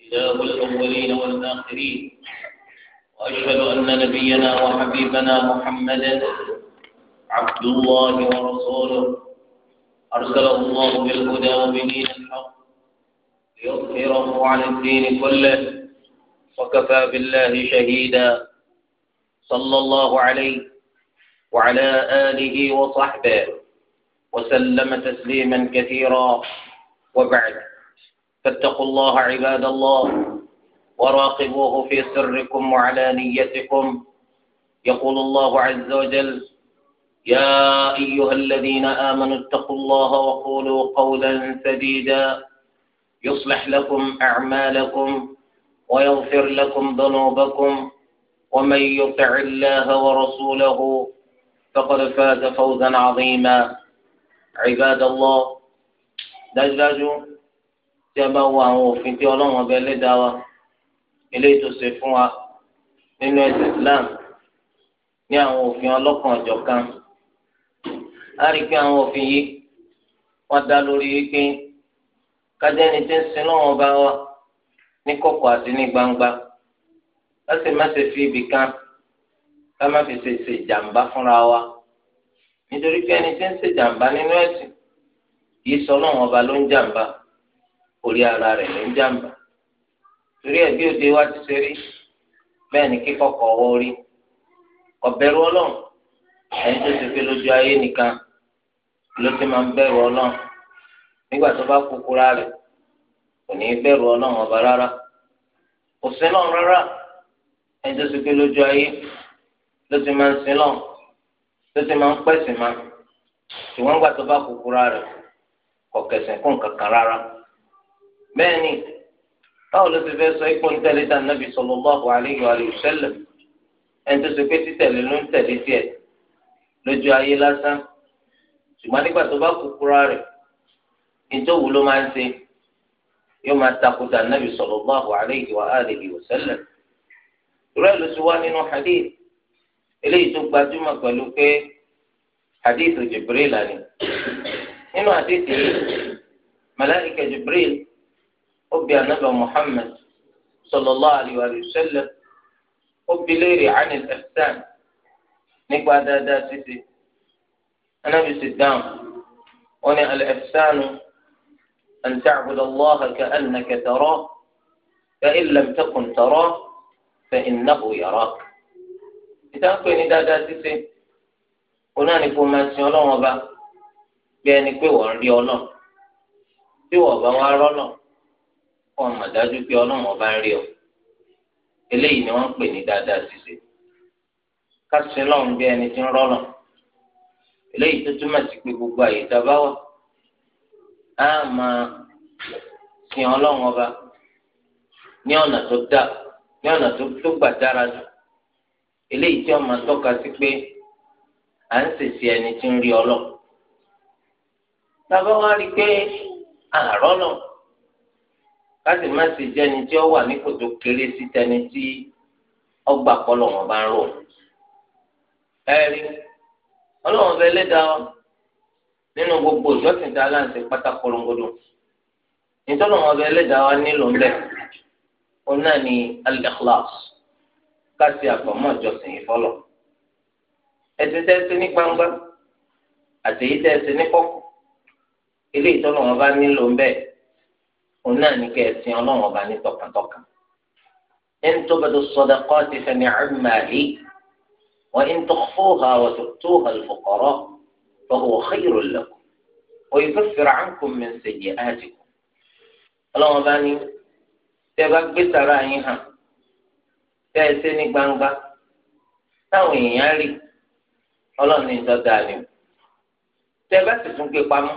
إله الأولين والآخرين وأشهد أن نبينا وحبيبنا محمدا عبد الله ورسوله أرسله الله بالهدى ودين الحق ليظهره على الدين كله وكفى بالله شهيدا صلى الله عليه وعلى آله وصحبه وسلم تسليما كثيرا وبعد فاتقوا الله عباد الله وراقبوه في سركم وعلانيتكم يقول الله عز وجل يا ايها الذين امنوا اتقوا الله وقولوا قولا سديدا يصلح لكم اعمالكم ويغفر لكم ذنوبكم ومن يطع الله ورسوله فقد فاز فوزا عظيما Ibadallah dájúdájú tí a bá wo àwọn òfin tí ọlọ́run ọba ẹlẹ́dàá fún wa nínú Islam ní àwọn òfin ọlọ́kan rí àwọn òfin wọ́n wa ní àti ní fi ibi kan ká má fi ṣe ṣe wa. nítorí pé ẹni tí ń ṣe jàǹbá nínú ẹ̀sìn kì í sọ lọ́wọ́n ọba ló ń jàǹbá orí ara rẹ̀ ló ń jàǹbá torí ẹ̀ bí òde wa ti ṣe rí bẹ́ẹ̀ ni kíkọ́kọ́ ọwọ́ rí ọ̀bẹ̀rù ọlọ́run ẹni tó ti fi lójú ayé nìkan ló ti máa ń bẹ̀rù ọlọ́run nígbà tó bá kúkúrá rẹ̀ kò ní í bẹ̀rù ọlọ́run ọba rárá kò sí náà rárá ẹni tó ti fi lójú ayé ló ti máa ń sin náà tó ti máa ń pẹ̀sìn máa ṣùgbọ́n gbà tó bá kúkúrá rẹ̀ kò kẹsìn kún kankan rárá. bẹ́ẹ̀ ni báwo ló ti fẹ́ sọ ipò ńtẹ̀lé tá nàbì sallallahu alaihi wa sallam ẹni tó ṣe pé títẹ̀lé ló ń tẹ̀lé tiẹ̀ lójú ayé lásán ṣùgbọ́n nígbà tó bá kúkúrá rẹ̀ ìjọ́wò ló máa ń ṣe yóò máa takùtà nàbì sallallahu alaihi wa alihi wa sallam. ìrẹ́ ló ti wá nínú hadith eléyìí tó gbajúmọ̀ pẹ̀lú pé hadithu jibril ani nínú hadithu yìí malaika jibril ó bi anabi muhammad sallallahu alayhi wa sallam ó bi léèrè ani ẹsán nípa dáadáa títí anabi sì dáhùn ó ní alẹ́sánu an ta'budu allah ka annaka tarah fa in lam takun tarah fa innahu yarak. ìdáǹpé ní dáadáa ṣíṣe oná ní kó máa sin ọlọ́run ọba bí ẹni pé wọ́n rí ọlọ́run tí wọ́n bá wọn rọ́nà wọ́n mọ̀ dájú pé ọlọ́run ọba ń rí ọ eléyìí ni wọ́n ń pè ní dáadáa ṣíṣe kásìn lọ́run bí ẹni tí ń rọ́nà eléyìí tó túmọ̀ sí pé gbogbo àyè tá a bá wà á máa sin ọlọ́run ọba ní ọ̀nà tó dá ní ọ̀nà tó gbà dára jù eléyìí tí ọmọ tọ́ka sí pé à ń sèse ẹni tí ń rí ọlọ tàbá wá rí i pé àárọ̀ náà káṣí má sì jẹ́ ẹni tí ó wà ní kòtò kéré sí tẹni tí ọgbà kọlọ wọn bá ń rò ẹ rí Ọlọ́run fẹ́ lẹ́dàá nínú gbogbo ìjọsìn tá pátá korongodo nítorí wọn fẹ́ lẹ́dàá wa nílò ńlẹ̀ ó náà ní al kásì àpamọ́ ìjọsìn yìí fọlọ̀ ẹ̀sìn tẹ́sí ní gbangba àtẹ̀yí tẹ́sí ní kọ̀kọ̀ ilé ìtọ́nà wọn bá nílò ń bẹ́ẹ̀ òun náà ní kẹ́ ẹ̀sìn ọlọ́run ọba ní tọkàntọkàn ẹni tó bá tó sọdọ kọ́ ti fẹ́ ní ẹ̀màlì wọ́n ń tó fóha wọ́n tó tó àlùfọ̀kọ́rọ́ lọ́wọ́ xeyìrò lẹ́kọ̀ọ́ wọ́n yóò fẹ́rẹ̀ ànkùn mi ṣèyí àjẹkù ọlọ́run ọba ní tẹ́ bá gbé sàrà yín hàn tẹ́ ẹ ṣe ní gbangba táwọn èèyàn rí ọlọ́run ní ni o tẹ́ ẹ bá sì tún gbé pamọ́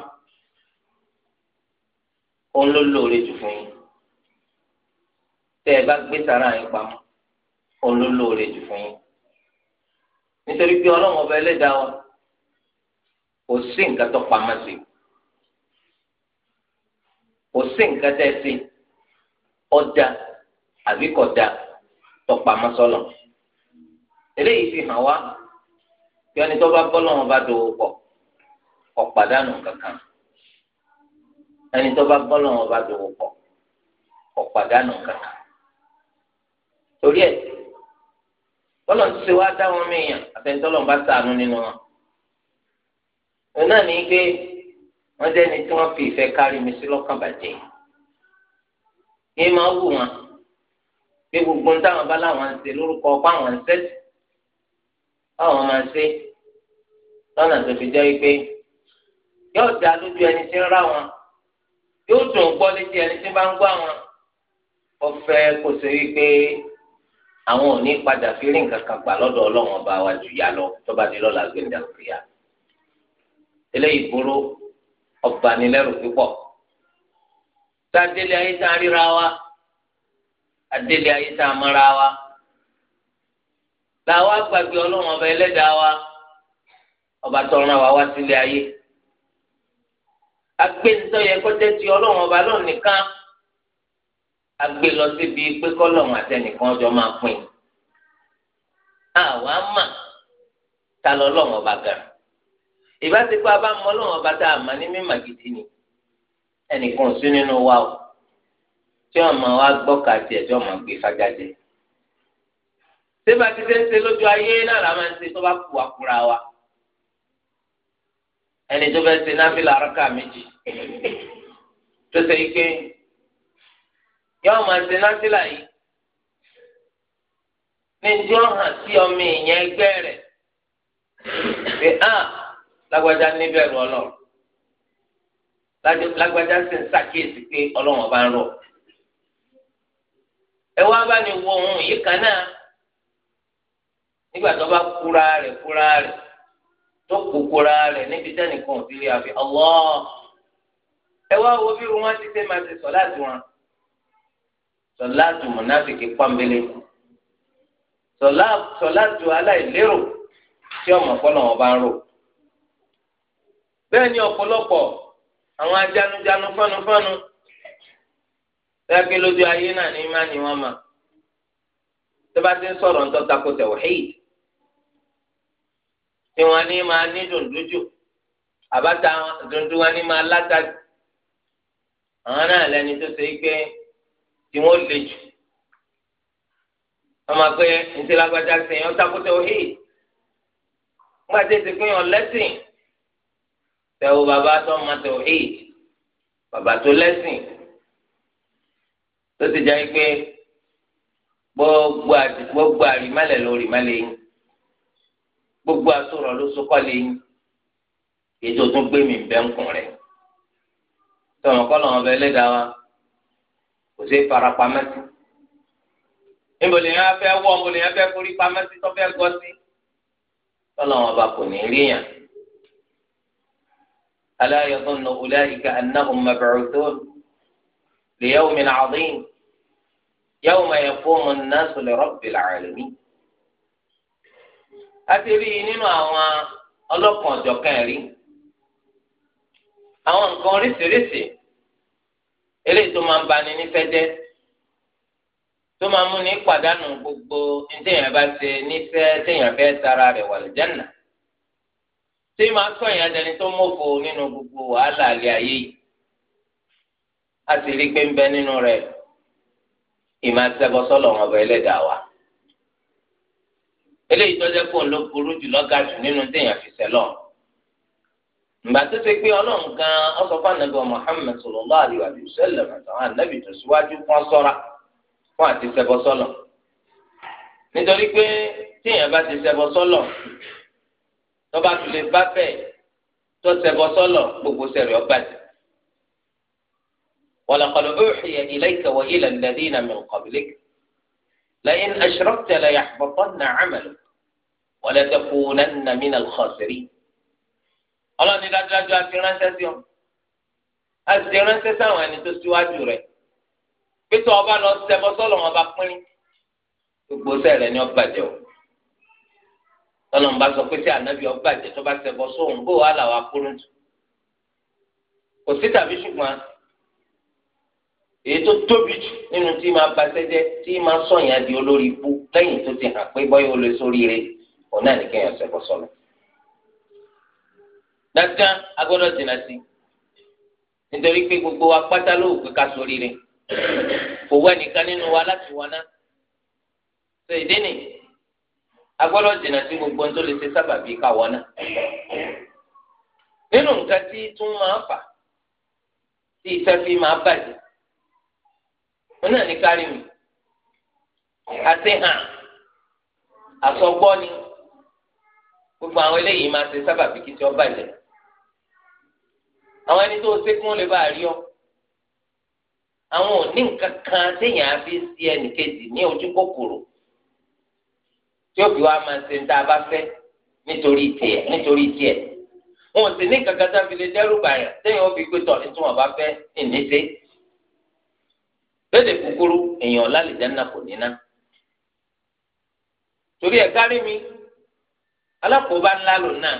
òun ló lóore jù fún yín tẹ́ ẹ bá gbé sára yín pamọ́ òun ló lóore jù fún yín nítorí pé ọlọ́run ọba ẹlẹ́dàá wa kò sí nǹkan tó pamọ́ sí kò sí nǹkan tẹ́ ẹ sí ọ̀dà àbí tọpamọ́ sọ́lọ̀ eléyìí fi hàn wá bí ẹni tó bá bọ́lọ̀ wọn bá dòwò pọ̀ ọ̀pàdánù kankan ẹni tó bá bọ́lọ̀ wọn bá dòwò pọ̀ ọ̀pàdánù kankan torí ẹ̀ bọ́lọ̀ ti ṣe wá dá wọn mìíràn àtẹnudọ́lọ̀ bá sàánú nínú wọn òun náà ní pé wọ́n jẹ́ ẹni tí wọ́n fi ìfẹ́ kárí mi sí lọ́kàn bàjẹ́ yìí máa wù wọn pé gbogbo táwọn bá láwọn ń ṣe lórúkọ páwọn ń ṣẹ́sì báwọn máa ṣe lọ́nà tó fi jẹ́ pé yóò dá lójú ẹni tí ń rá wọn yóò dùn gbọ́ létí ẹni tí bá ń gbọ́ àwọn ọ̀fẹ́ kò sí wípé àwọn ò ní padà fi rí nǹkan kan gbà lọ́dọ̀ ọlọ́run ọba wa jù yá lọ tó bá di lọ́la gbẹ̀ndà kúrìyà eléyìí burú ọ̀bànilẹ́rù púpọ̀ tá délé ayé tá a ríra wa adélé ayé tá a mọ́ra wa làwa gbàgbé ọlọ́run ọba ẹlẹ́dàá wa ọba tọrọ wa wá sílé ayé agbẹ́ntọ́ yẹ kọ́tẹ́ ti ọlọ́run ọba lọ́run nìkan agbé lọ síbi pé kọ́lọ́run àtẹnìkan ọjọ́ máa pín àwa mà ta lọ lọ́run ọba gan ìbá ti pé bá mọ ọlọ́run ọba tá a mà ní mímà gidi ni ẹnìkan ò sí nínú wa o. tí ọmọ wa gbọ́ ka tiẹ̀ tí ọmọ gbé jẹ. tí ń ṣe lójú ayé náà la máa ń ṣe tó bá kú wa. ẹni tó fẹ́ na náfìlà rákà méjì tó ṣe ike yọ ọmọ yìí ní sí ọmọ ìyẹn ẹgbẹ́ rẹ̀ pé hàn lágbájá ẹ wá bá ní wo ohun yìí kan náà nígbà tó bá kúra rẹ̀ kúra rẹ̀ tó kú kúra rẹ̀ níbi tẹ́nìkan ò ti rí àfi Allah ẹ wá wo bí wọn ti ṣe máa ṣe sọ láti wọn sọ láti mùnáfìkì pọ́nbélé sọ láti aláìlérò tí ọmọ kọ́ náà wọn bá ń rò bẹ́ẹ̀ ni ọ̀pọ̀lọpọ̀ àwọn ajánujanu fánu fánu tẹ́kẹ́ lójú ayé náà ní má ní wọ́n mọ̀ tó bá ti ń sọ̀rọ̀ ńtọ́ tako tawhid tí wọ́n ní máa ní dùndújù àbáta dundun wọn ní máa láta àwọn náà lẹni tó ṣe é pé tí wọ́n lè jù ọmọ pé ntí lágbájá sèyàn ó tako tawhid nígbà tí èsì pín yàn lẹ́sìn tẹ̀wọ́ bàbá tó ń ma tawhid bàbá tó lẹ́sìn tó ti jẹ́ pé gbogbo àrímálẹ̀ ló rímálẹ̀ yín gbogbo asọ̀rọ̀ ló sọkọ́ lé yín ètò tó gbé mi bẹ́ ń kùn rẹ̀ tọmọ kọ́ lọ́wọ́ bẹ́ẹ̀ lẹ́dàá wa kò sí farapamẹ́sì níbo yẹn afẹ́ wọ́ níbo yẹn afẹ́ forí pamẹ́sì tó fẹ́ sí tọ́lọ́wọ́ bá kò ní rí yàn. ألا يظن أولئك أنهم مبعوثون ليوم عظيم yawma yaqumu an-nasu li rabbil alamin. a ti rí i nínú àwọn ọlọ́kan ọ̀jọ̀kan rí àwọn nǹkan oríṣiríṣi eléyìí tó máa ń bani nífẹ̀ẹ́ jẹ́ tó máa mú ní pàdánù gbogbo téèyàn bá ṣe nífẹ̀ẹ́ téèyàn fẹ́ tara rẹ̀ wà lẹ́jẹ̀nà tí máa sọ èèyàn dẹni tó mọ̀fọ́ nínú gbogbo wàhálà àlẹ́ ayé yìí a rí pé ń bẹ nínú rẹ̀ ìmọ̀ àtẹ́bọ̀ sọ́lọ̀ wọn ọba ẹlẹ́dàá wa. eléyìí tó jẹ́ fóun ló burú jù lọ́ga jù nínú téèyàn fi sẹ́lọ̀. ìgbà tó ṣe pé ọlọ́run gan ọsọ fánàbí wa Muhammad sallallahu alaihi wa sallam àtàwọn ànábì tó síwájú fún sọ́ra fún àti sẹ́bọ̀ nítorí pé téèyàn bá ti sẹ́bọ̀ tó bá tilẹ̀ bá bẹ́ẹ̀ tó sẹ́bọ̀ gbogbo sẹ́rẹ̀ ọ bàjẹ́ ولقد أوحي إليك وإلى الذين من قبلك لئن أشركت ليحبطن عملك ولتكونن من الخاسرين ọlọ́ni dájúdájú àti ránṣẹ́ sí ọ àti ránṣẹ́ sáwọn ẹni tó síwájú rẹ pété ọba lọ ṣẹbọ sọlọ wọn bá pín gbogbo sẹrẹ ni ọba jẹ o tọ́lọ́n bá sọ pé sí ànábì ọba jẹ tó bá ṣẹbọ sóhun bó wà láwa kúrú tù kò sí tàbí ṣùgbọ́n èyí tó tóbi jù nínú tí máa ba sẹ́jẹ́ tí máa sọ̀yàn di olórí ibú lẹ́yìn tó ti hàn pé bọ́yọ̀ olè sórí rẹ̀ òun náà ní kéèyàn ṣẹ̀bọ̀ sọ̀rọ̀. dandan a gbọ́dọ̀ jìnnà sí nítorí pé gbogbo wa pátá ló gbé ká sórí rẹ̀ kò wá nìkan nínú wa láti wọn náà. sọ èdè nì a gbọ́dọ̀ jìnnà sí gbogbo ohun tó lè ṣe sábàbí ká wọn náà. nínú nǹkan tí tún máa fà tí ìfẹ́ fi máa bàjẹ́ òun náà ní kárí mi àṣehàn àsọgbọ́ ni gbogbo àwọn eléyìí máa ṣe sábàbí kí tí ó bàjẹ́ àwọn ẹni tó ṣe kí wọ́n lè bá a rí ọ àwọn ò ní nǹkan kan téèyàn á fi sí ẹnìkejì ní ojú kòkòrò tí ó fi wá máa ṣe ń tá a bá fẹ́ nítorí tiẹ̀ nítorí tiẹ̀ wọn ò sì ní nǹkan kan tá a fi lè dẹ́rù bàyàn téèyàn ó fi gbé tọ̀ ní tí bá fẹ́ ìníṣe lédè kúkúrú èèyàn lálìjáná kò ní ná torí ẹ kárí mi alákòóbá ńlá lò náà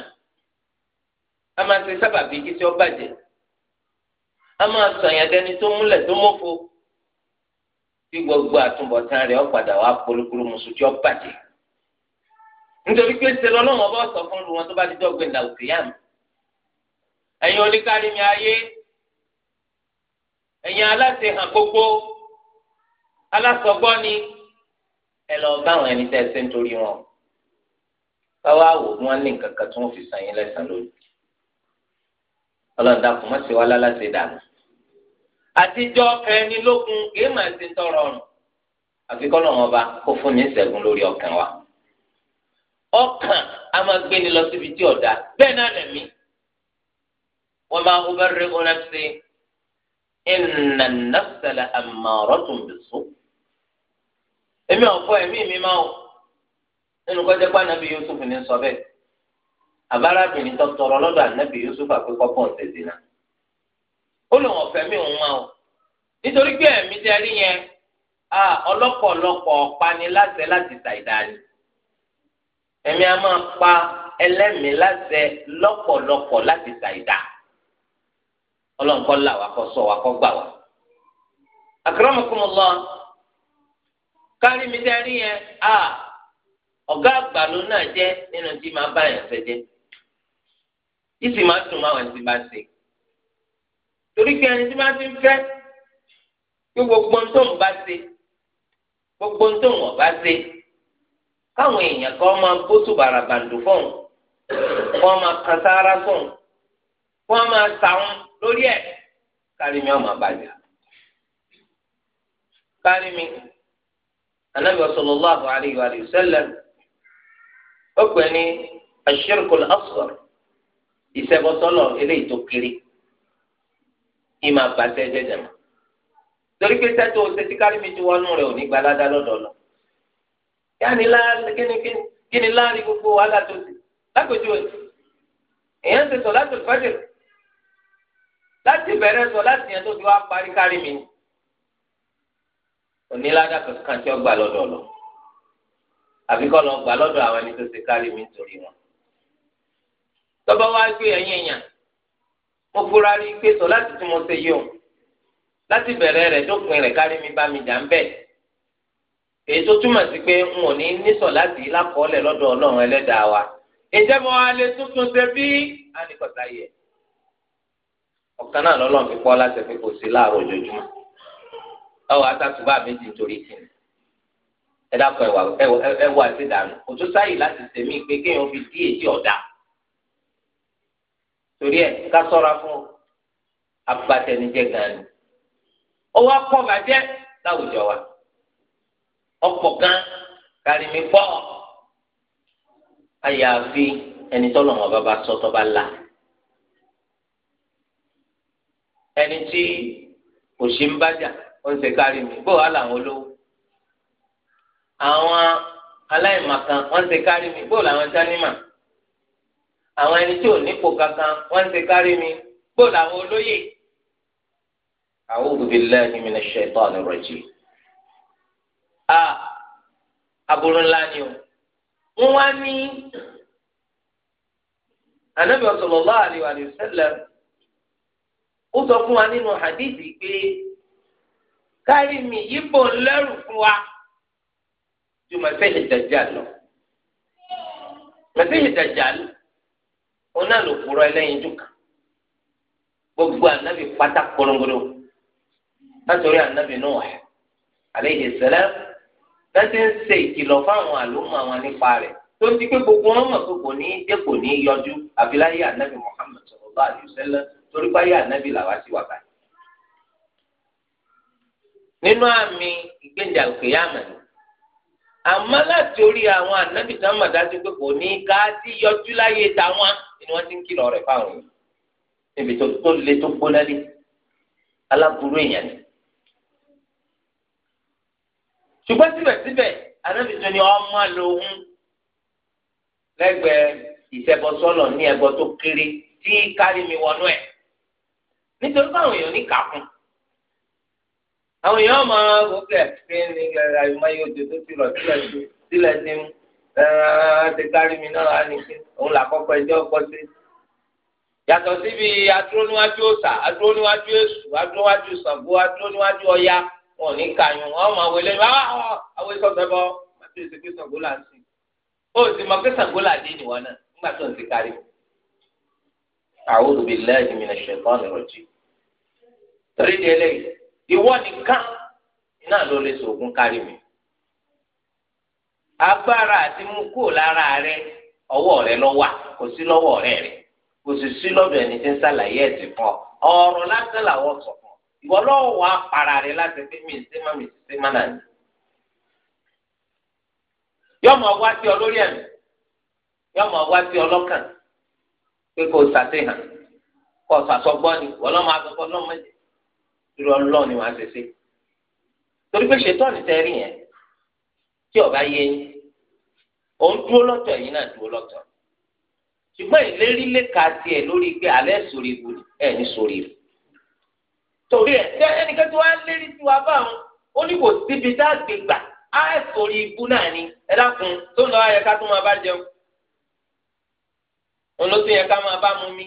a máa ṣe sábàbí kí tí ó bàjẹ́ a máa sọ dẹni tó múlẹ̀ tó mọ́fo bí gbogbo àtúbọ̀tán rẹ̀ ó padà wá polúkúrú mùsùlùmí ó bàjẹ́ nítorí pé ṣe bá sọ fún lu wọn tó bá ti mi ayé ẹ̀yin aláṣẹ hàn gbogbo alásọgbọ́ ni ẹ lọ bá àwọn ẹni tẹ́ ẹ ṣe ń torí wọn báwa wò wọn ní nǹkan kan tí wọn fi sàn yín lẹ́sàn lórí ọlọ́dà kò má ṣe wá láláṣẹ dànù àtijọ́ kẹni lógun kì í máa ṣe ń tọrọ ọ̀run àfi kọ́ lọ́wọ́n ọba kó fún ní ìṣẹ́gun lórí ọkàn wa ọkàn a máa gbé ni lọ síbi tí ọ̀dà bẹ́ẹ̀ náà lẹ̀mí wọ́n máa ń bẹ̀rẹ̀ ọ̀nà sí ìnànàfẹ́lẹ̀ àmọ̀ràn tó ń bẹ̀ sùn. èmi ọ̀fọ́ ẹ̀mí mi máa wò nínú kọjá pé anabi yusuf ní sọ bẹ́ẹ̀ àbárabìnrin tó tọrọ lọ́dọ̀ anabi yusuf àpékọ́ pọ̀ ń náà ó lò wọ́n fẹ́mi òun máa wò nítorí pé ẹ̀mí ti rí yẹn ta ìdarí ẹ̀mí a máa pa ẹlẹ́mìí láṣẹ ta ìdá ọlọ́nkọ́ là kọ́ sọ kọ́ gbà kárí mi tẹ́ yẹn a ọ̀gá àgbà ló náà jẹ́ nínú tí máa bá yẹn fẹ́ jẹ́ ìsì máa dùn máa wẹ̀ sí bá ṣe torí pé ẹni tí máa ti ń fẹ́ pé gbogbo ń tóun bá ṣe gbogbo ń tóun ọ̀bá ṣe káwọn èèyàn kan máa bó tó bàràbàǹdò fóun wọn máa kan sáárá fóun wọn máa sàwọn lórí ẹ̀ kárí mi ọmọ àbàjá kárí mi anabi sallallahu alayhi wa sallam ó pè ní ashirkul asghar ìṣẹbọsọlọ eléyìí tó kéré ìmọ̀ àbàtẹ jẹjẹrẹ torí pé sẹ́tò ṣètì kárí mi ti wọnú rẹ̀ ò ní gbalada lọ́dọ̀ lọ. kí ni láàrin gbogbo wàhálà tó ti lágbèjú ẹ̀ èèyàn ti sọ láti fẹ́jẹ̀ láti bẹ̀rẹ̀ sọ láti yẹn tó ti wá parí kárí ni onílàdà kankan tí ó gbà lọ́dọ̀ lọ àbí kọ́ lọ gbà lọ́dọ̀ àwọn ẹni tó ti kárí mi nítorí wọn. tọ́ba wá gbé ẹ̀yìn èèyàn mo fura rí i pé sọ láti tí mo ṣe yìí o láti bẹ̀rẹ̀ rẹ̀ dópin rẹ̀ kárí mi bá mi jà ń bẹ̀. èyí tó túmọ̀ sí pé n ò ní nísọ̀ láti lákọọ́lẹ̀ lọ́dọ̀ ọlọ́run ẹlẹ́dàá wa. ìjẹ́ mo alẹ́ tuntun ṣe bí ànìkọ̀tà yẹ. ọ̀kan náà lọ́lọ́run fi pọ́ láti fi kò sí láàárọ̀ ojoojúmọ́ báwo àtàtúbà méjì torí tìǹ ẹ dákun ẹwà ẹwà ti dànù kò tó sáyì láti tèmi pé kéèyàn fi dí èyí ọ̀dà torí ẹ ká sọ́ra fún abatẹnijẹ gan ni ọwọ́ akọ bàjẹ́ láwùjọ wa ọ̀pọ̀ gan kárí mi pọ̀ àyàfi ẹni tọ́lọ̀ wọn bàbá sọ tó bá la ẹni tí òṣì ń bàjá ó ń ṣe kárí mi bó wà láwọn olówó àwọn aláìmọ̀kan wọ́n ń ṣe kárí mi bó làwọn sánimà àwọn ẹni tí ò nípò kankan wọ́n ń ṣe kárí mi bó làwọn olóyè. A'udhu billahi minash shaitanir rajim. a aburú ńlá ni o wọ́n wá ní Ànábì sallallahu alaihi ó sọ fún wa nínú hadithi pé sáré mi yíbo lẹ́rù fún wa ju mẹsẹ̀hìn dàjà lọ mẹsẹ̀hìn dàjà lọ òun náà ló kúrọ ẹlẹ́yinjú kan gbogbo anabi pátá kpọlọgbọlọ látọrí anabi Nuh alayhi salam láti ń ṣe ìkìlọ̀ fáwọn àlùmọ́ àwọn nípa rẹ̀ tó ń di pé gbogbo wọn mọ̀ pé kò ní í dé kò ní í yọjú àbíláyé anabi Muhammad sallallahu alayhi wa sallam torí báyé anabi làwa sí wà báyìí nínú àmì ìgbéǹda àlùkìyámà ni àmọ́ láti orí àwọn ànábì tán mà dájú pé kò ní ká sí yọjú láyé táwọn ni wọ́n ti ń kìlọ̀ rẹ̀ fáwọn yìí níbi tó tó le tó gbóná lé aláburú èèyàn ni. ṣùgbọ́n síbẹ̀síbẹ̀ ànábì tó ní ọmọ lòun lẹ́gbẹ̀ẹ́ ìṣẹ́bọsọ́nà ní ẹbọ tó kéré tí kárí mi wọnú ẹ̀ nítorí báwọn èèyàn ní kàkún àwọn èèyàn máa wò kẹ pé ní àyùmáyé ojú tó ti rọ sílẹ̀ sílẹ̀ sí mu ti kárí mi náà á ní kí òun là kọ́kọ́ ẹjọ́ kọ́ sí. yàtọ̀ síbi adúróníwájú òòṣà adúróníwájú èṣù adúróníwájú Ṣàngó adúróníwájú Ọya wọn ò ní kàyún wọn máa wọlé wá ah, ah, ah, àwọn èso ọ̀sẹ̀ bọ́ àti èsì pé Ṣàngó là ń sìn. ó sì mọ pé Ṣàngó là dé nìwọ náà nígbà tó ń ti kárí mi. A'udhu billahi minash shaitanir rajim. torí di ìwọ nìkan iná ló lè sògùn kárí mi agbára àti mú kúrò lára rẹ ọwọ́ rẹ ló wà kò sí lọ́wọ́ rẹ rẹ kò sì sí lọ́dọ̀ ẹni tí ń ṣàlàyé ti fún ọ lásán làwọn sọ fún ìwọ wà para rẹ láti ṣe má mi ṣe má nà ní. yọmọ wá sí ọ lórí yọmọ wá sí ọ irú ọlọ́ọ̀ ni wàá ṣe ṣe torí pé ṣètọ́ni tẹ́ rí yẹn tí ọba yé yín òun dúró lọ́tọ̀ yìí náà dúró lọ́tọ̀ ṣùgbọ́n ìlérí lè ka tiẹ̀ lórí pé alẹ́ sórí ibu ẹ̀ ní sórí ibu torí ẹ̀ tẹ́ ẹnikẹ́ni tí wàá lérí tí wàá bá wọn ó ní kò síbi tá a gbé gbà á sórí ibu náà ni ẹ dákun tó ń lọ ayẹ ká tó máa bá jẹun òun ló tún yẹ ká máa bá mu mí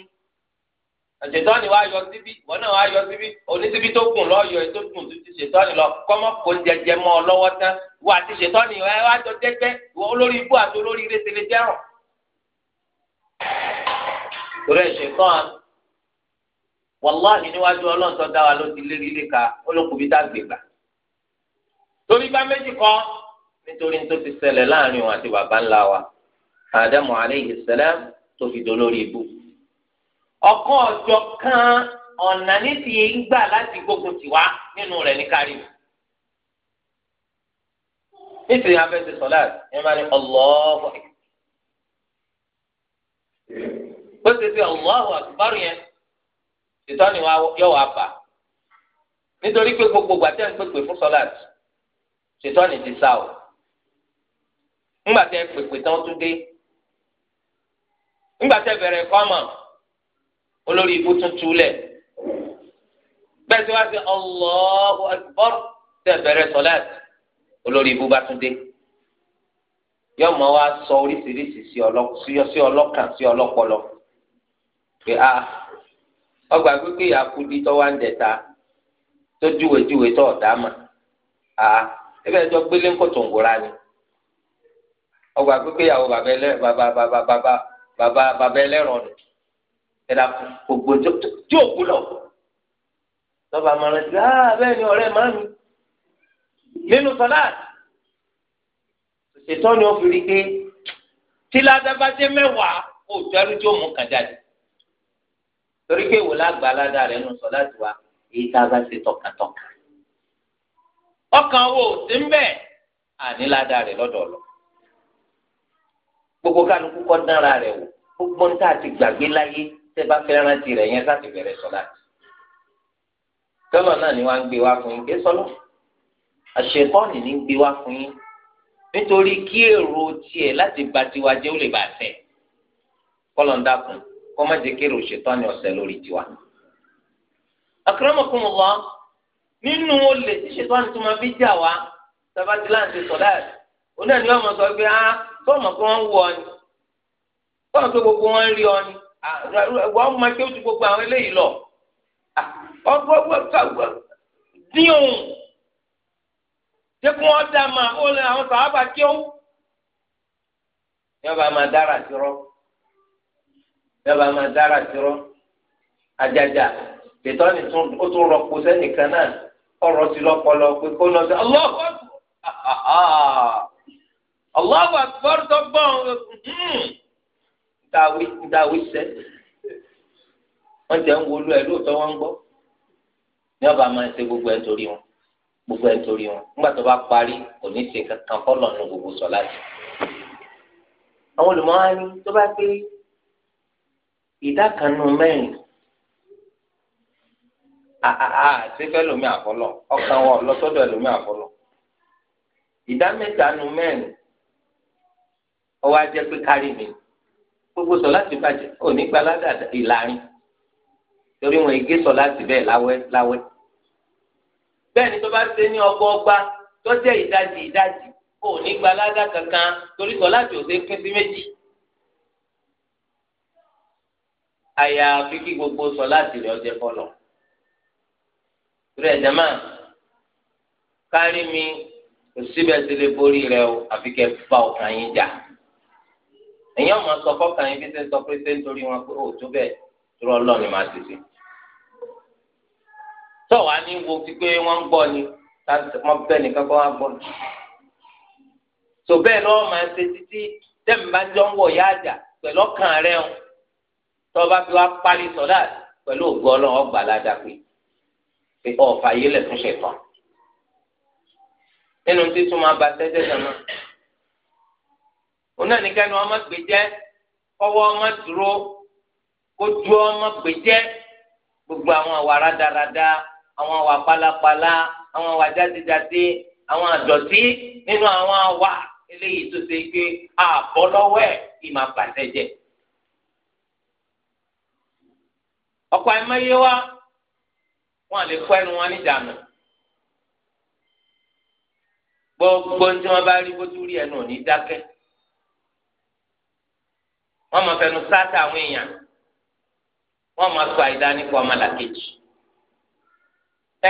ṣètọ́ni wa yọ síbí wọn náà wa yọ síbí oníṣíbí tó kùn lọ yọ ètò kùn tó ti ṣètọ́ni lọ kọ́mọ́ kò ń jẹjẹ mọ́ ọ lọ́wọ́ tán wà á ti ṣètọ́ni ẹ wá jọ jẹjẹ ìwọ olórí ibú àti olórí ilé tẹlẹ jẹrùn. torí ẹ ṣètọ́n wàláhì níwájú ọlọ́run tó dá wa ló ti lérí ilé ka olókùnrin tá a gbè gbà. torí bá méjì kan nítorí tó ti ṣẹlẹ̀ láàrin òun àti bàbá ńlá alayhi salam tó fi dolórí ọ̀kan ọ̀jọ̀ kan ọ̀nà nídìí ń gbà láti gbógun tiwa nínú rẹ̀ ní kárí mi. nítorí abẹ́ ti sọ̀lá ẹ̀ máa ní ọlọ́ọ̀bọ̀ bó ṣe ti ọlọ́ọ̀bọ̀ àtúbárù yẹn ìtọ́ni yọ wá bà nítorí pé gbogbo gbàtẹ́ ń pèpè fún sọ̀lá ṣètọ́ni ti sá o ńgbàtẹ́ pèpè tán tún dé ńgbàtẹ́ bẹ̀rẹ̀ kọ́mọ̀ olórí ibú tuntun lẹ̀ bẹ́ẹ̀ tí wọ́n ti Allahu Akbar tẹ̀ bẹ̀rẹ̀ sọ́láàtì olórí ibú bá tún dé yọ mọ wa sọ oríṣiríṣi sí ọlọ́kàn sí ọlọ́pọlọ pé a ọgbà gbígbé àkúdí tó wá ń dẹ̀ta tó júwèjúwe tó ọ̀dà mà a ebe ẹjọ gbélé ń kòtò ń wúra ni ọgbà gbígbé ìyàwó bàbá ẹlẹ́rọ̀ nù ẹ̀dá gbogbo tí ò kúlọ̀ lọ́ba máa rẹ̀ sí ah bẹ́ẹ̀ ni ọ̀rẹ́ màá mi nínú sọ́dá ṣètò ni ó fi rí pé tí ládàbà jẹ́ mẹ́wàá kò tẹ́rù tí ó mú kàn jáde torí pé ìwòlá àgbà aládà rẹ̀ nù sọ́dá ti wá èyí tá a bá ṣe tọkàntọkàn ọkàn wo sí ń bẹ àní ládàá rẹ̀ lọ́dọ̀ lọ gbogbo kálukú kọ dára rẹ̀ wò gbogbo níta ti gbàgbé láyé tẹ́ bá fẹ́ rántí rẹ̀ yẹn láti bẹ̀rẹ̀ sọ́lá tọ́lọ̀ náà ni wọ́n á gbé wá fún yín gbé sọ́lọ́ àṣetọ́ọ̀nì ní gbé wá fún yín nítorí kí èrò tiẹ̀ láti ba tiwa jẹ́ ó lè bá tẹ̀ kọ́lọ̀ ń dákun kọ́ má jẹ́ kérò ṣetọ́ọ̀nì ọ̀sẹ̀ lórí tiwa. akramakumullah nínú olè tí ṣetọ́ọ̀nì tó máa fi jà wá sábàtì láǹtì sọ̀dá ẹ̀ onáà ni wọ́n mọ̀ sọ pé ah tọ́ọ̀mọ̀ pé wọ́n wù ọ ni tọ́ọ̀mọ̀ pé gbogbo wọn rí ọ ni wọ́n máa kéwù ju gbogbo àwọn eléyìí lọ dín òun ṣé kí wọ́n dá máa ó lè àwọn sàábà kéwù yọba máa dára sírọ́ yọba máa dára sírọ́ àjàjà tètò ni ó tún rọpò sẹ́nìkan náà ọ̀rọ̀ sí lọ́pọlọ pé kó lọ sí Allahu Akbar Allahu Akbar tó gbọ́n. Hmm dáwí dáwí sẹ wọn jẹ ń wọlú ẹ lóòótọ́ wọn ń gbọ́ ní ọba máa ń ṣe gbogbo ẹ torí wọn gbogbo ẹ torí wọn nígbà tó bá parí kò ní ṣe kankan fọlọ nínú gbogbo sọ láti. àwọn olùmọ̀ọ́ ni tó bá pé ìdá kan nù mẹ́rin àṣefẹ́ lomi àfọlọ ọkàn wọn lọ́sọ́dọ̀ lomi àfọlọ ìdá mẹ́ta nù mẹ́rin ọwọ́ ajẹ́ pé kárí mi gbogbo sọ láti bàjẹ́ òní gba ládàá ìlàrin torí wọn ègé sọ láti bẹ́ẹ̀ láwẹ́ láwẹ́ bẹ́ẹ̀ ni tó bá ṣe ní ọgbọọgba tó jẹ́ ìdajì ìdajì òní gba ládàá kankan torí sọ láti òṣè pín sí méjì àyàfi kí gbogbo sọ láti rẹ ọjẹ fọlọ rẹ jama kárí mi kò síbẹ̀ sí lè borí rẹ o àfi kẹ́ fà ọkàn yín jà èyàn máa sọ fọkàn yín bí ṣe ń sọ pé ṣe ń torí wọn pé òótọ́ bẹ́ẹ̀ tó rọ lọ́ọ̀ ni máa ti ṣe. tó wàá ní wo ti pé wọ́n ń gbọ́ ni wọ́n bẹ́ẹ̀ nìkan kọ́ wá gbọ́ ni. tó bẹ́ẹ̀ lọ́wọ́ máa ṣe títí tẹ́ǹbájọ́ ń wọ̀ yá àjà pẹ̀lú ọkàn rẹ̀ ń tó bá fi wá parí sọ̀dá pẹ̀lú ògbó ọlọ́run ọgbà ládàá pé pé ọ̀fà yìí lẹ̀ tún ṣe tán. nínú títún máa ba tẹ́tẹ́ òun náà nìkan ni wọn má gbé jẹ kọwọ má dúró kójú ọmọ gbé jẹ gbogbo àwọn àwa rádaràda àwọn àwa pálapàla àwọn àwa jádejáde àwọn àdọ̀tí nínú àwọn àwa eléyìí tó ṣe pé àbọ̀ lọ́wọ́ ẹ̀ kì máa bàtẹ́ jẹ. ọ̀pọ̀ àìmọye wa wọn lè kọ́ ẹnu wọn níjànú gbogbo tí wọn bá rí bó tún rí ẹnu ò ní dákẹ́ wọ́n máa fẹnu sáta àwọn èèyàn wọ́n máa sọ àìdá nípa ọmọlàkejì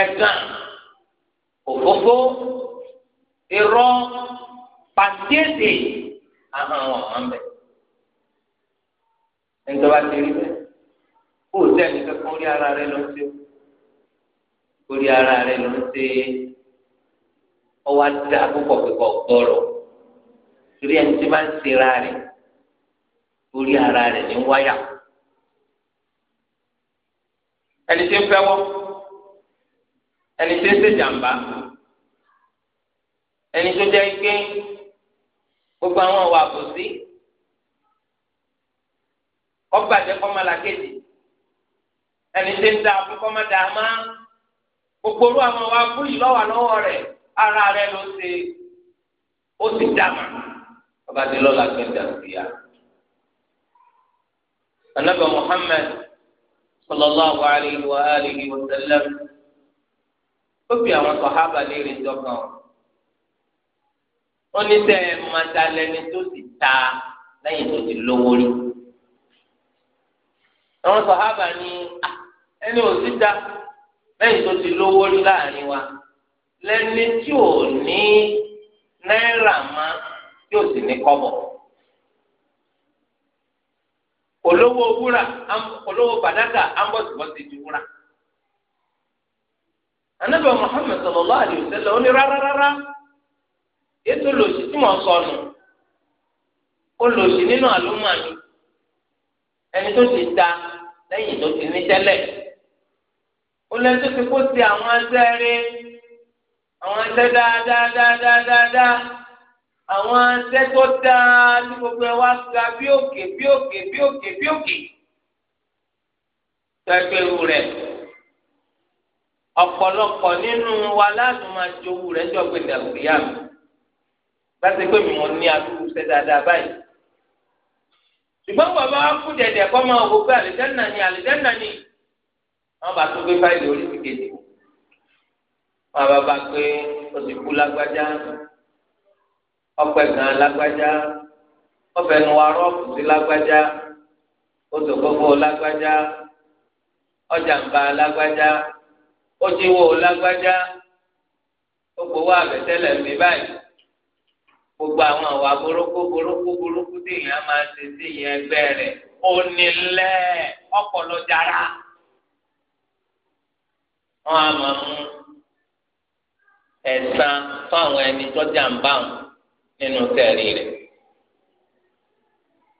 ẹ̀gàn òfófó irọ́ pàṣẹ́dè àwọn àwọn ọmọ ń bẹ ẹnìtọ́ba ti rí bẹ́ẹ̀ kó o tẹ́ ẹnìkan kan orí ara rẹ lọ sí o orí ara rẹ lọ sí ọwọ́ adá púpọ̀ púpọ̀ gbọ́rọ̀ torí ẹni tí máa ń ṣe ra rẹ̀ orí ara rẹ̀ ní wáyà ẹni tí ń fẹ́wọ́ ẹni tí ń ṣèjàmbá ẹni tó jẹ́ ike gbogbo àwọn ọ̀wà kò sí ọgbà jẹ́ kọ́mọlákejì ẹni tí ń da kọ́mọdàmá gbogbo orú àwọn ọ̀wà kú lọ́wọ́ lọ́wọ́ rẹ̀ ara rẹ̀ ló ṣe ó ti dàmà ọba ti lọ́la gbẹ̀dà sí i. النبي محمد صلى الله عليه وآله وسلم ó fi àwọn sọ̀hábà léèrè ńdọ́kan ó ní sẹ́ ẹ máa ta lẹni tó sì ta lẹ́yìn tó ti lówó rí àwọn sọ̀hábà ní ẹni ò sí ta lẹ́yìn tó ti lówó rí láàrin wa lẹ́ni tí ò ní náírà má tí ò sì ní kọ́bọ̀. olówó wúrà olówó fàdákà ambọ̀sibọ̀sì ti wúrà. anabi muhammed sallallahu alayhi wa sallam ó ní rárára ètò lòsì tí mo sọ nù ó lòsì nínú ẹni tó ti da lẹ́yìn tó ti ní tẹ́lẹ̀ ó tó ti kó ti àwọn ẹsẹ̀ rí àwọn ẹsẹ̀ tó dáa ní gbogbo ẹ wá ga bí òkè bí òkè bí òkè bí òkè tẹgbẹ ewu rẹ ọ̀pọ̀lọpọ̀ nínú wa láti máa jẹ owó rẹ jọ pé dàgbéyà mi láti pé mi ò ní adúgbò ṣe dáadáa báyìí ṣùgbọ́n bàbá wa kú dẹ̀dẹ̀ kọ́ máa wò pé àlìjẹ́nà ni àlìjẹ́nà ni wọ́n bá tó gbé fáìlì orí ti kejì wọ́n bá bá pé oṣù kú lágbájá ọpẹ gan lágbájá ọbẹ nu wa rọọpù sí lágbájá oṣogbogbo lágbájá ọjàmbá lágbájá ojúwo lágbájá ogbowó àbẹtẹlẹ mi báyìí gbogbo àwọn àwa burúkú burúkú burúkú tí èèyàn máa ń ṣe sí ìyẹn ẹgbẹ rẹ onílẹ wọn a máa mú fún àwọn nínú sẹ́ẹ̀rí rẹ̀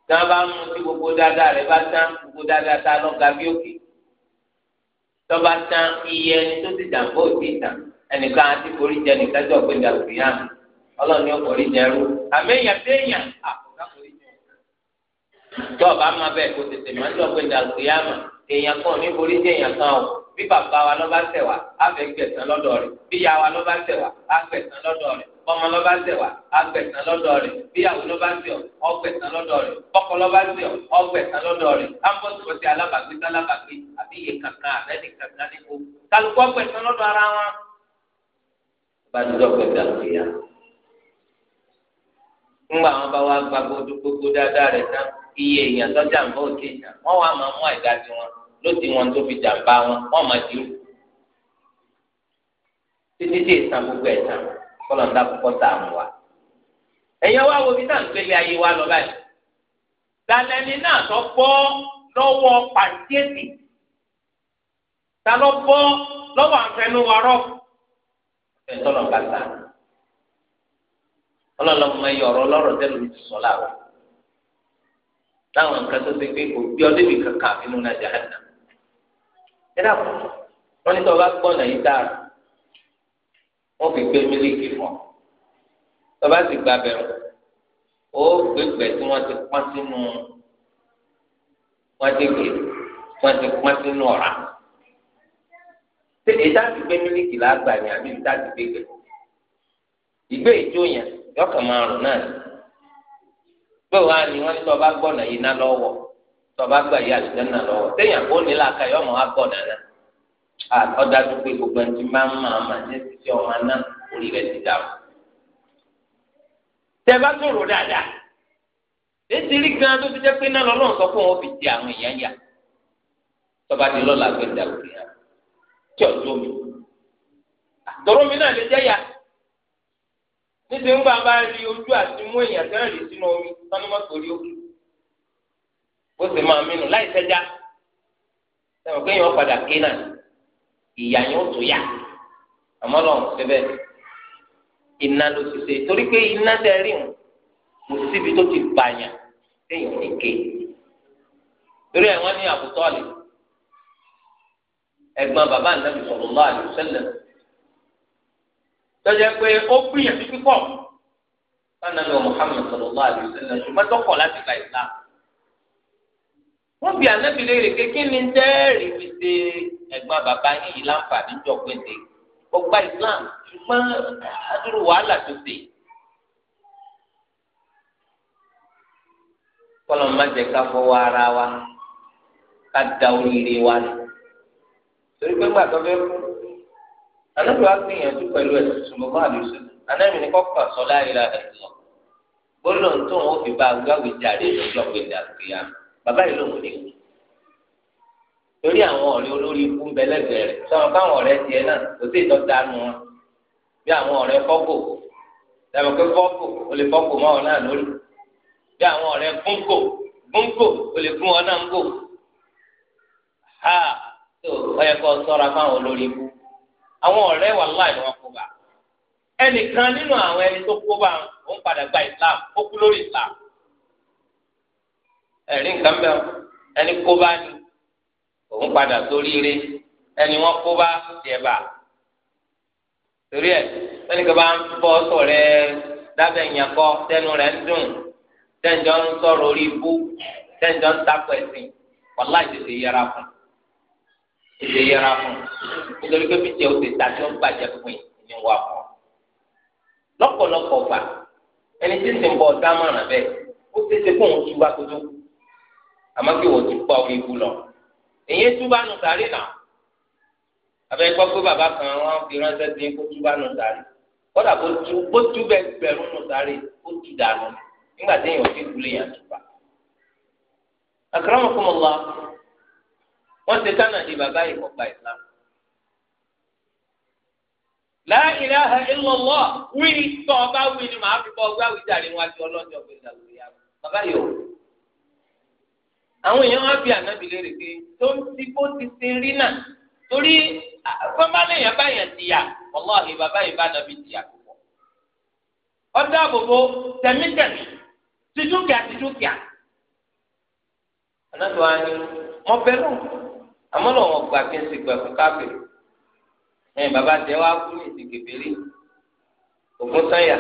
tí wọ́n bá mú sí gbogbo dáadáa rẹ̀ bá tán gbogbo dáadáa tá a lọ ga bí òkè taa tán iye ẹni tó ti dàn ti ẹnìkan àti forí jẹ nìkan tó gbé dàgbé yá ọlọ́ọ̀ni ó forí jẹ rú àkókò forí jẹ kó tètè yá mà èèyàn kan ní forí jẹ èèyàn kan bí bàbá wa bá wá á fẹ́ bọ́mọ lọ́ba ṣẹ̀ wá agbẹ̀sán lọ́dọ̀ rẹ̀ bíyàwó lọ́ba ṣẹ̀ ọ́ ọgbẹ̀sán lọ́dọ̀ rẹ̀ bọ́kọ lọ́ba ṣẹ̀ ọ́ ọgbẹ̀sán lọ́dọ̀ rẹ̀ ambọ̀sibọ̀sì alábàgbé sálábàgbé àbí iye kankan àbẹ́ni kankan níbo kálukú ọgbẹ̀sán lọ́dọ̀ ara wọn. bá a dúdú ọgbẹ̀sán àgbè ya ńgbà wọn bá wá gba gbogbo dáadáa rẹ̀ tán iye èèyàn tó jàǹbá ò ti jàn wọn wà máa mú àìdá tiwọn ló ti wọn tó fi jàǹbá wọn wọn máa dirú títí tí kọlọ̀ ńlá kọ́kọ́ sàmù wa. ẹ̀yẹ́ wá wo bí táwọn gbélé ayé wa lọ báyìí. dalẹ́ni náà tó bọ́ lọ́wọ́ pàṣẹ́sì. ta ló bọ́ lọ́wọ́ àfẹnuwarọ́. ẹ̀ tọ́lọ̀ bá ta. ọlọ́lọ́ mọ iye ọ̀rọ̀ ọlọ́rọ̀ tẹ́lẹ̀ mi ti sọ láàrọ̀. láwọn nǹkan tó ti gbé òbí ọdún mi kankan àfinú náà jà ẹ̀ dàpọ̀ wọ́n ní sọ bá gbọ́n náà yí dáa wọn fi gbé mílíkì fún ọ tọba sì gba bẹ̀rù ó gbégbé tí wọn ti pọn sínú wọn ti gbé wọn ti pọn sínú ọ̀rá èyí tá a ti gbé mílíkì lágbà ni àbí tá a ti gbé gbẹ ìgbé ìjó yẹn yọkàn máa rùn náà pé wàá ní wọn tọba gbọnà yìí ná lọ́wọ́ tọba gbà yìí àlùjá náà lọ́wọ́ téèyàn kó nílà ká yọmọ wa gbọnà náà ọdájú pé gbogbo ẹni tí máa ń máa máa ní títí ọmọ náà orí rẹ ti dàrú. tẹ bá sọ̀rọ̀ dáadáa èsì rí gan tó ti jẹ́ pé náà lọ́lọ́run sọ fún wọn fi di àwọn èèyàn yà tọ́ba di lọ́la pé dàrú rẹ̀ tí ọ̀dọ́ mi àtọ́rọ́ mi náà lè jẹ́ yà níbi ń bá bá rí ojú àti mú èèyàn tẹ́lẹ̀ lè sínú omi tọ́ni mọ́ torí ó bó sì máa mínú láì sẹ́já sẹ́wọ̀n pé padà ké náà ìyá yẹn ó tó yà àmọ́ lọ́hùn síbẹ̀ iná ló ti ṣe torí pé iná tẹ rí kò síbi tó ti bàyàn téèyàn ti ké torí ẹ̀ wọ́n ní àbútọ́ọ̀lì ẹ̀gbọ́n bàbá ànábì sallallahu alaihi wasallam tọ́jà pé ó gbìyànjú pípọ̀ bá ànábì Muhammad sallallahu wọ́n bí anábì léèrè kékeré ní dẹ́ẹ̀rì fi ṣe ẹ̀gbọ́n bàbá yín yìí láǹfààní jọ péńté ọgbà islam ṣùgbọ́n adúrú wàhálà tó dé. kọ́lọ̀ má jẹ́ ká fọwọ́ ara wa ká da oríire wa ni. torí pé gbàgbọ́ fẹ́ kú anábì wa gbìyànjú pẹ̀lú ẹ̀sùn sùnmọ́mọ́ àdúsù anábì ní kọ́kọ́ sọ láyé ẹ̀sùn gbọ́dọ̀ tó wọn fi bá bàbá yìí lòun ní kú torí àwọn ọ̀rẹ́ olórí ikú ń bẹ lẹ́gbẹ̀ẹ́ rẹ̀ sọ̀rọ̀ káwọn ọ̀rẹ́ tiẹ̀ náà kò sí ìtọ́ta nu wọn bí àwọn ọ̀rẹ́ fọ́kò pé fọ́kò ọ náà lórí bí àwọn ọ̀rẹ́ gúnkò gúnkò o lè gún ọ náà ha tó ọyẹ sọ́ra olórí ikú àwọn ọ̀rẹ́ wà láì wọn kó bá ẹnìkan nínú àwọn ẹni tó kó bá gba ìsìlámù ó kú lórí ẹ̀rí nǹkan bẹ́ẹ̀ ẹni kó bá ní òun padà sórí rí ẹni wọ́n kó bá tiẹ̀ bá torí ẹ̀ ẹni kan bá ń bọ́ sọ̀rẹ́ dábẹ́ ìyàn kọ́ tẹnu rẹ̀ ń dùn tẹ́ǹjọ́ ń sọ̀rọ̀ orí ibú tẹ́ǹjọ́ ń takọ̀ ẹ̀sìn wàhálà ìtètè yẹra fún ìtètè yẹra fún nítorí pé bíjẹ́ òtè tàbí ó ń bàjẹ́ pin ní wà fún lọ́pọ̀lọpọ̀ gbà ẹni tí ń sìn bọ̀ dámọ̀ràn bẹ́ẹ̀ ó ti ṣe fún òun ṣùgbọ́n àkójọ kù. àmọ́ kí wọ́n ti pa orí ibu lọ èyí túbà nù sàárì náà abẹ́ gbọ́ pé bàbá kan wọ́n fi ránṣẹ́ sí kó túbà nù sàárì kódà kó tú kó tú bẹ gbẹ̀rún nù sàárì kó tú dànù nígbà tí èèyàn fi kulè yàn túbà. wọ́n tánà di bàbá wí ọgbà wí wájú ọlọ́jọ́ yàrá bàbá àwọn èèyàn wá bí ànábì léèrè pé tó ń ti bó ti ṣe rí náà torí fọmọlẹ yẹn báyẹn ti yà wàláhì bàbá yìí bá ànábì ti yà púpọ̀. ọdọ àbòbò tẹmítẹmí ti dúkìá ti dúkìá ànábì wa ni mo bẹ lọ àmọ́ lọ́wọ́ gba kí n sì gbà fún káfíìn ẹ̀yìn bàbá tẹ wá kú ní ìsìnkè bèrè ògùn sáyà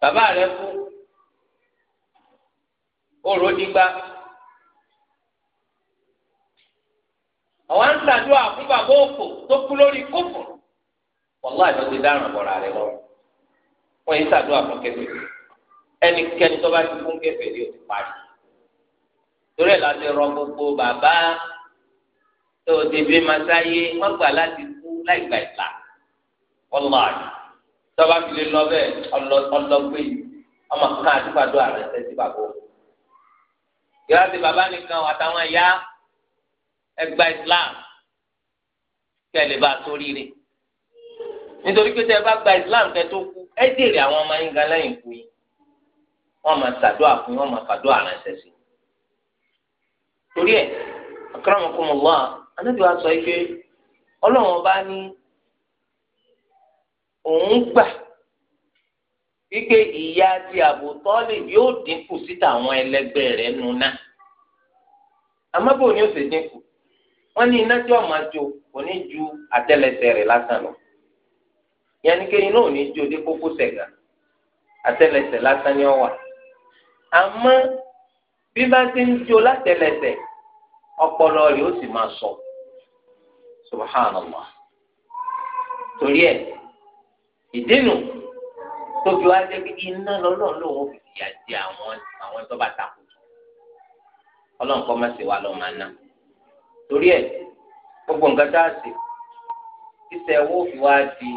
bàbá rẹ kú oró dígbà. àwọn ń ṣàdúrà fún bàbá òfò tó kú lórí kófò wàláhì tó ti dáràn bọ̀rọ̀ rẹ lọ wọ́n yìí ṣàdúrà fún kẹfẹ́ ẹnikẹ́ni tó bá ti fún kẹfẹ́ yóò ti parí torí ẹ̀ láti rọ gbogbo bàbá tó ti bí masáyé wọ́n gbà láti kú láì gba ìlà wàláhì tó bá fi lè lọ ọlọ́gbé ọmọ kan àdúgbàdo àrẹ sẹ́sí bàbá òfò gíláàsì bàbá nìkan àtàwọn ẹ̀yà ẹgbà islam kẹ́ ẹ lè bá a sórí rẹ̀ nítorí pé tẹ́ ẹ bá gba islam kẹ́ tó kú ẹ dèrè àwọn ọmọ yín gan lẹ́yìn kú yín wọ́n máa ṣàdúrà fún yín wọ́n máa fàdúrà ránṣẹ́ sí i torí ẹ̀ akramakumullah anábì wa sọ yìí pé ọlọ́run ọba ní òun gbà wípé ìyà ti Abu Talib yóò dínkù síta àwọn ẹlẹgbẹ́ rẹ̀ nu náà amábò ni ó sì dínkù wọ́n ní iná tí wọ́n máa jó kò ní ju àtẹ́lẹsẹ̀ rẹ̀ lásán lọ yanike iná ò ní jó dé kókó sẹgà àtẹ́lẹsẹ̀ lásán ni ó wà àmọ́ bí bá ti ń jó látẹ́lẹsẹ̀ ọpọlọ rẹ̀ ó sì máa sọ subhanallah torí ẹ̀ ìdínú tóbi wá jẹ́ pé iná lọ́lọ́run lòun fi fìyà jẹ àwọn àwọn tó bá takò ọlọ́run kọ́ má ṣe wá lọ́ọ́ máa ná torí ẹ̀ gbogbo nǹkan tá a ṣe títẹ̀ owó fi wá di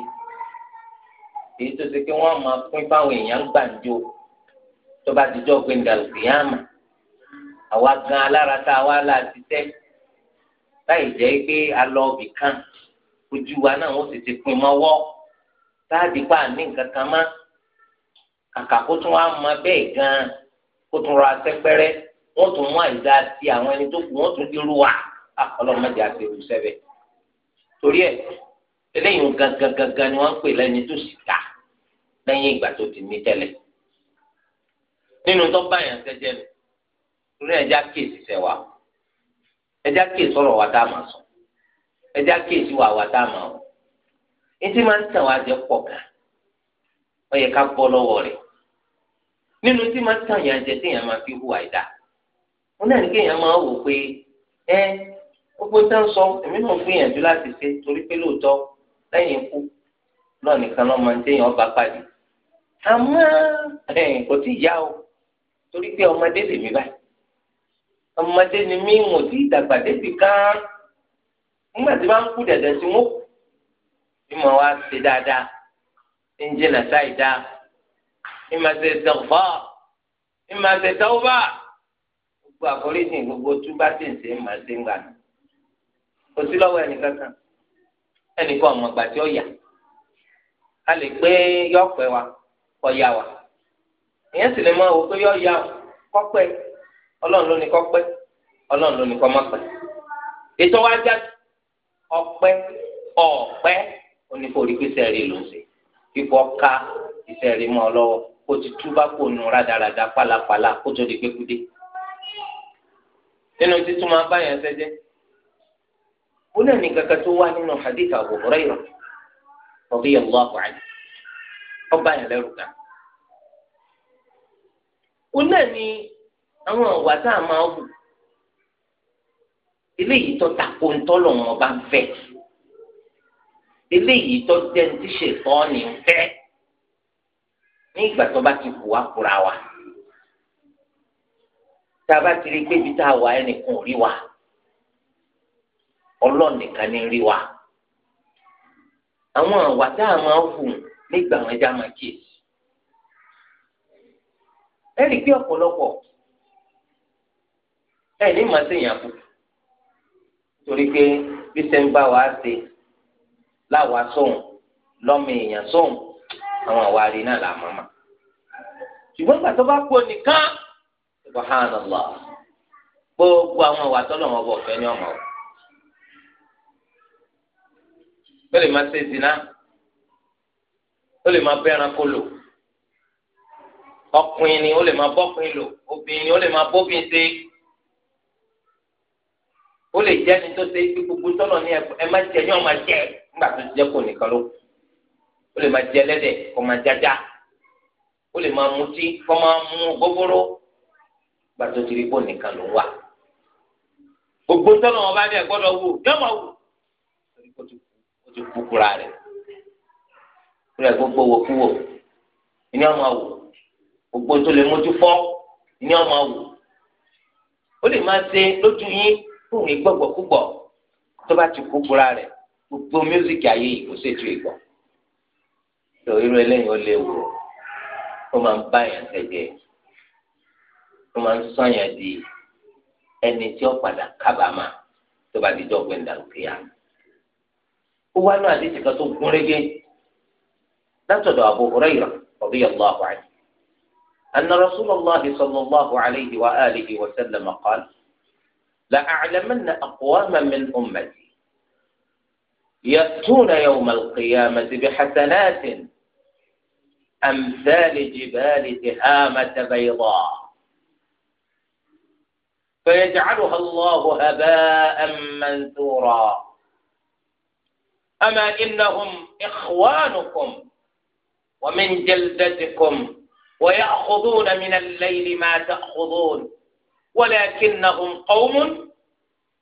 èyí tó ṣe pé wọ́n máa pín fáwọn èèyàn gbàǹjo tó bá ti jọ pé ndàlùkìyàmà àwa gan alára tá a wá là ti tẹ́ láì jẹ́ pé a lọ ibì kan ojú wa náà wọ́n sì ti pín mọ́wọ́ táàdì pa ní nǹkan kan máa àkàkó tún wá mọ bẹ́ẹ̀ gan-an kó tún ra sẹ́pẹ́rẹ́ wọ́n tún mú àyíká sí àwọn ẹni tó kù wọ́n tún ti rú wa ọlọ́mọdé àti ìrúsẹ́ bẹ́ẹ̀. torí ẹ eléyìí gangan gangan ni wọ́n ń pè lẹ́ni tó sì ta lẹ́yìn ìgbà tó ti ní tẹ́lẹ̀. nínú tó bá yàn sẹ́jẹ́ mi torí ẹja kéèsì sẹ́ wa ẹja kéèsì ọ̀rọ̀ wa tá a máa sọ ẹja kéèsì wa wa tá a máa wọ̀ etí máa ń tàn wá jẹ́ pọ̀ gan-an ó yẹ ká bọ́ lọ́wọ́ rẹ̀ nínú tí máa tàn yàn jẹ téèyàn máa fi hùwà ìdá wọn náà ní kéèyàn máa wò pé ẹ gbogbo tá ń sọ èmi náà gbìyànjú láti ṣe torí pé lóòótọ́ lẹ́yìn ikú náà nìkan náà máa ń téèyàn ọba pàdé àmọ́ kò tí ì yá o torí pé ọmọdé lèmi báyìí ọmọdé ni mí wọn tí ìdàgbà débi kan nígbà tí wọn kú dẹdẹ sí wọn bí mo wá ṣe dáadáa ń jìnnà sáì dáa ìmọ̀ ṣe tẹ̀fọ́ ìmọ̀ ṣe tẹ̀wọ́bà gbogbo àforíjì gbogbo túbá tí ń ṣe ń máa ṣe ń gbà ní. kò sí lọ́wọ́ ẹnìkan kan ẹnìkan ọmọ ìgbà tí ó yà a lè pé yọ pẹ́ wa kọ́ ya wa ìyẹn sì lè máa wò pé yọ ya kọ́ pẹ́ ọlọ́run ló ní kọ́ pẹ́ ọlọ́run ló ní kọ́ mọ́ pẹ́ ètò wa já ọpẹ́ ọ̀pẹ́ oníkórí pé sẹ́ẹ̀rì ló ń ṣe fífọ́ ká ìsẹ̀rí kó ti túbá kó nu rádaràda pálapàla kó tó di pékúdé nínú títún máa bá yẹn sẹ́jẹ́ ó náà ní kankan tó wá nínú hadith Abu Hurairah radiyallahu anhu ọba yẹn lẹ́rù kan ó náà ní àwọn ọ̀wà tá a máa wù eléyìí tó tako ńtọ́lọ̀ wọn bá ń fẹ́ eléyìí tó jẹ́ ní tíṣe tọ́ ni ń fẹ́ ní ìgbà tó bá ti kù wá kúra wa tá a bá ti rí pé ibi tá a wà ẹnìkan ò rí wa ọlọ́run nìkan ní rí wa àwọn àwa tá a máa hù nígbà wọn já máa kíyèsí ẹnì pé ọ̀pọ̀lọpọ̀ ẹ̀ ní sèyàn kú torí pé bí sẹ́ńbà wa ṣe láwa sóhun lọ́mọ èèyàn sóhun. àwọn àwárí náà là ama ṣùgbọ́n gbàtọ́ bá kú nìkan subhanallah gbogbo àwọn tọ́lọ̀ wọn bọ̀ fẹ́ ní ọmọ o ó lè máa ṣe zina ó lè máa bẹ́ran lò ọkùnrin ni ó lè bọ́kùnrin lò obìnrin ni ó lè bóbin ṣe ó lè jẹ́ tó ṣe gbogbo tọ́lọ̀ ní ẹ má jẹ ní ọmọ jẹ nígbà ó lè máa jẹ ẹlẹ́dẹ̀ kó máa jájá ó lè máa mutí kó máa mu gbogbooro gbàtó ti rí bó nìkan ló ń wà gbogbo tọ́nà ọba dẹ̀ gbọ́dọ̀ wù yọ̀mọ̀ wù ó ti kú kúra rẹ̀ rẹ̀ gbogbo wò kú wò ìní ọmọ wò gbogbo tó lè mójú fọ́ ìní ọmọ wò ó lè máa ṣe lójú yín fún ìgbọ̀gbọ̀ kúgbọ̀ tó bá ti kú kúra rẹ̀ gbogbo mísíkì ayé yìí kò ṣètò ìgbọ̀ tó irú eléyìí ó léwu ó máa ń bá yàn tẹ̀jẹ̀ ó máa ń sọ̀yàn di ẹni tí ó padà kábàámà tó bá di dọ́gbẹ́ ńdàlùkìyà. ó wá náà àdéhùn kan tó gún régé látọ̀dọ̀ Abu Hurairah radiyallahu anhu. أن رسول الله صلى الله عليه وآله وسلم قال لأعلمن أقواما من أمتي يأتون يوم القيامة بحسنات أمثال جبال تهامة بيضاء فيجعلها الله هباء منثورا أما إنهم إخوانكم ومن جلدتكم ويأخذون من الليل ما تأخذون ولكنهم قوم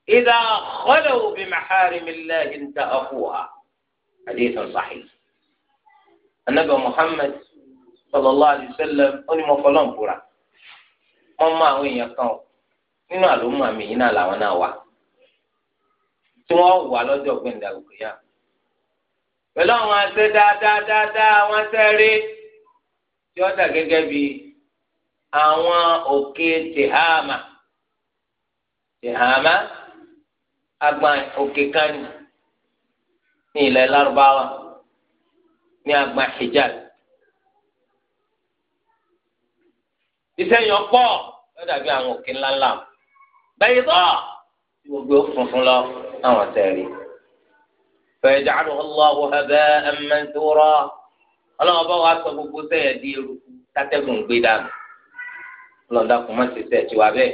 إذا خلوا بمحارم الله انتهكوها حديث صحيح النبي محمد sallallahu alaihi wasallam ó ní mo fọlọ́n búra wọ́n mọ àwọn èèyàn kan o nínú àlòmọ́ àmì yìí náà làwọn náà wà tí wọ́n wà àwọn àṣẹ dáadáa dáadáa tí àwọn òkè agbọn òkè kan ní ilẹ̀ lárúbáwá ní agbọn hijab iṣẹ́ yẹn pọ̀ yóò dàbí àwọn òkè ńláńlá bẹ́ẹ̀ tọ́ tí gbogbo funfun lọ àwọn tẹ̀lé. fẹ̀jáde ọlọ́wọ́ ẹ̀bẹ́ ẹ̀mẹ́ntúrọ́ ọlọ́wọ́ bá wa sọ gbogbo sẹ́yẹ di eruku tátẹ́gùn gbé dànù lọ́dà kò má ti sẹ̀ tí wà bẹ́ẹ̀.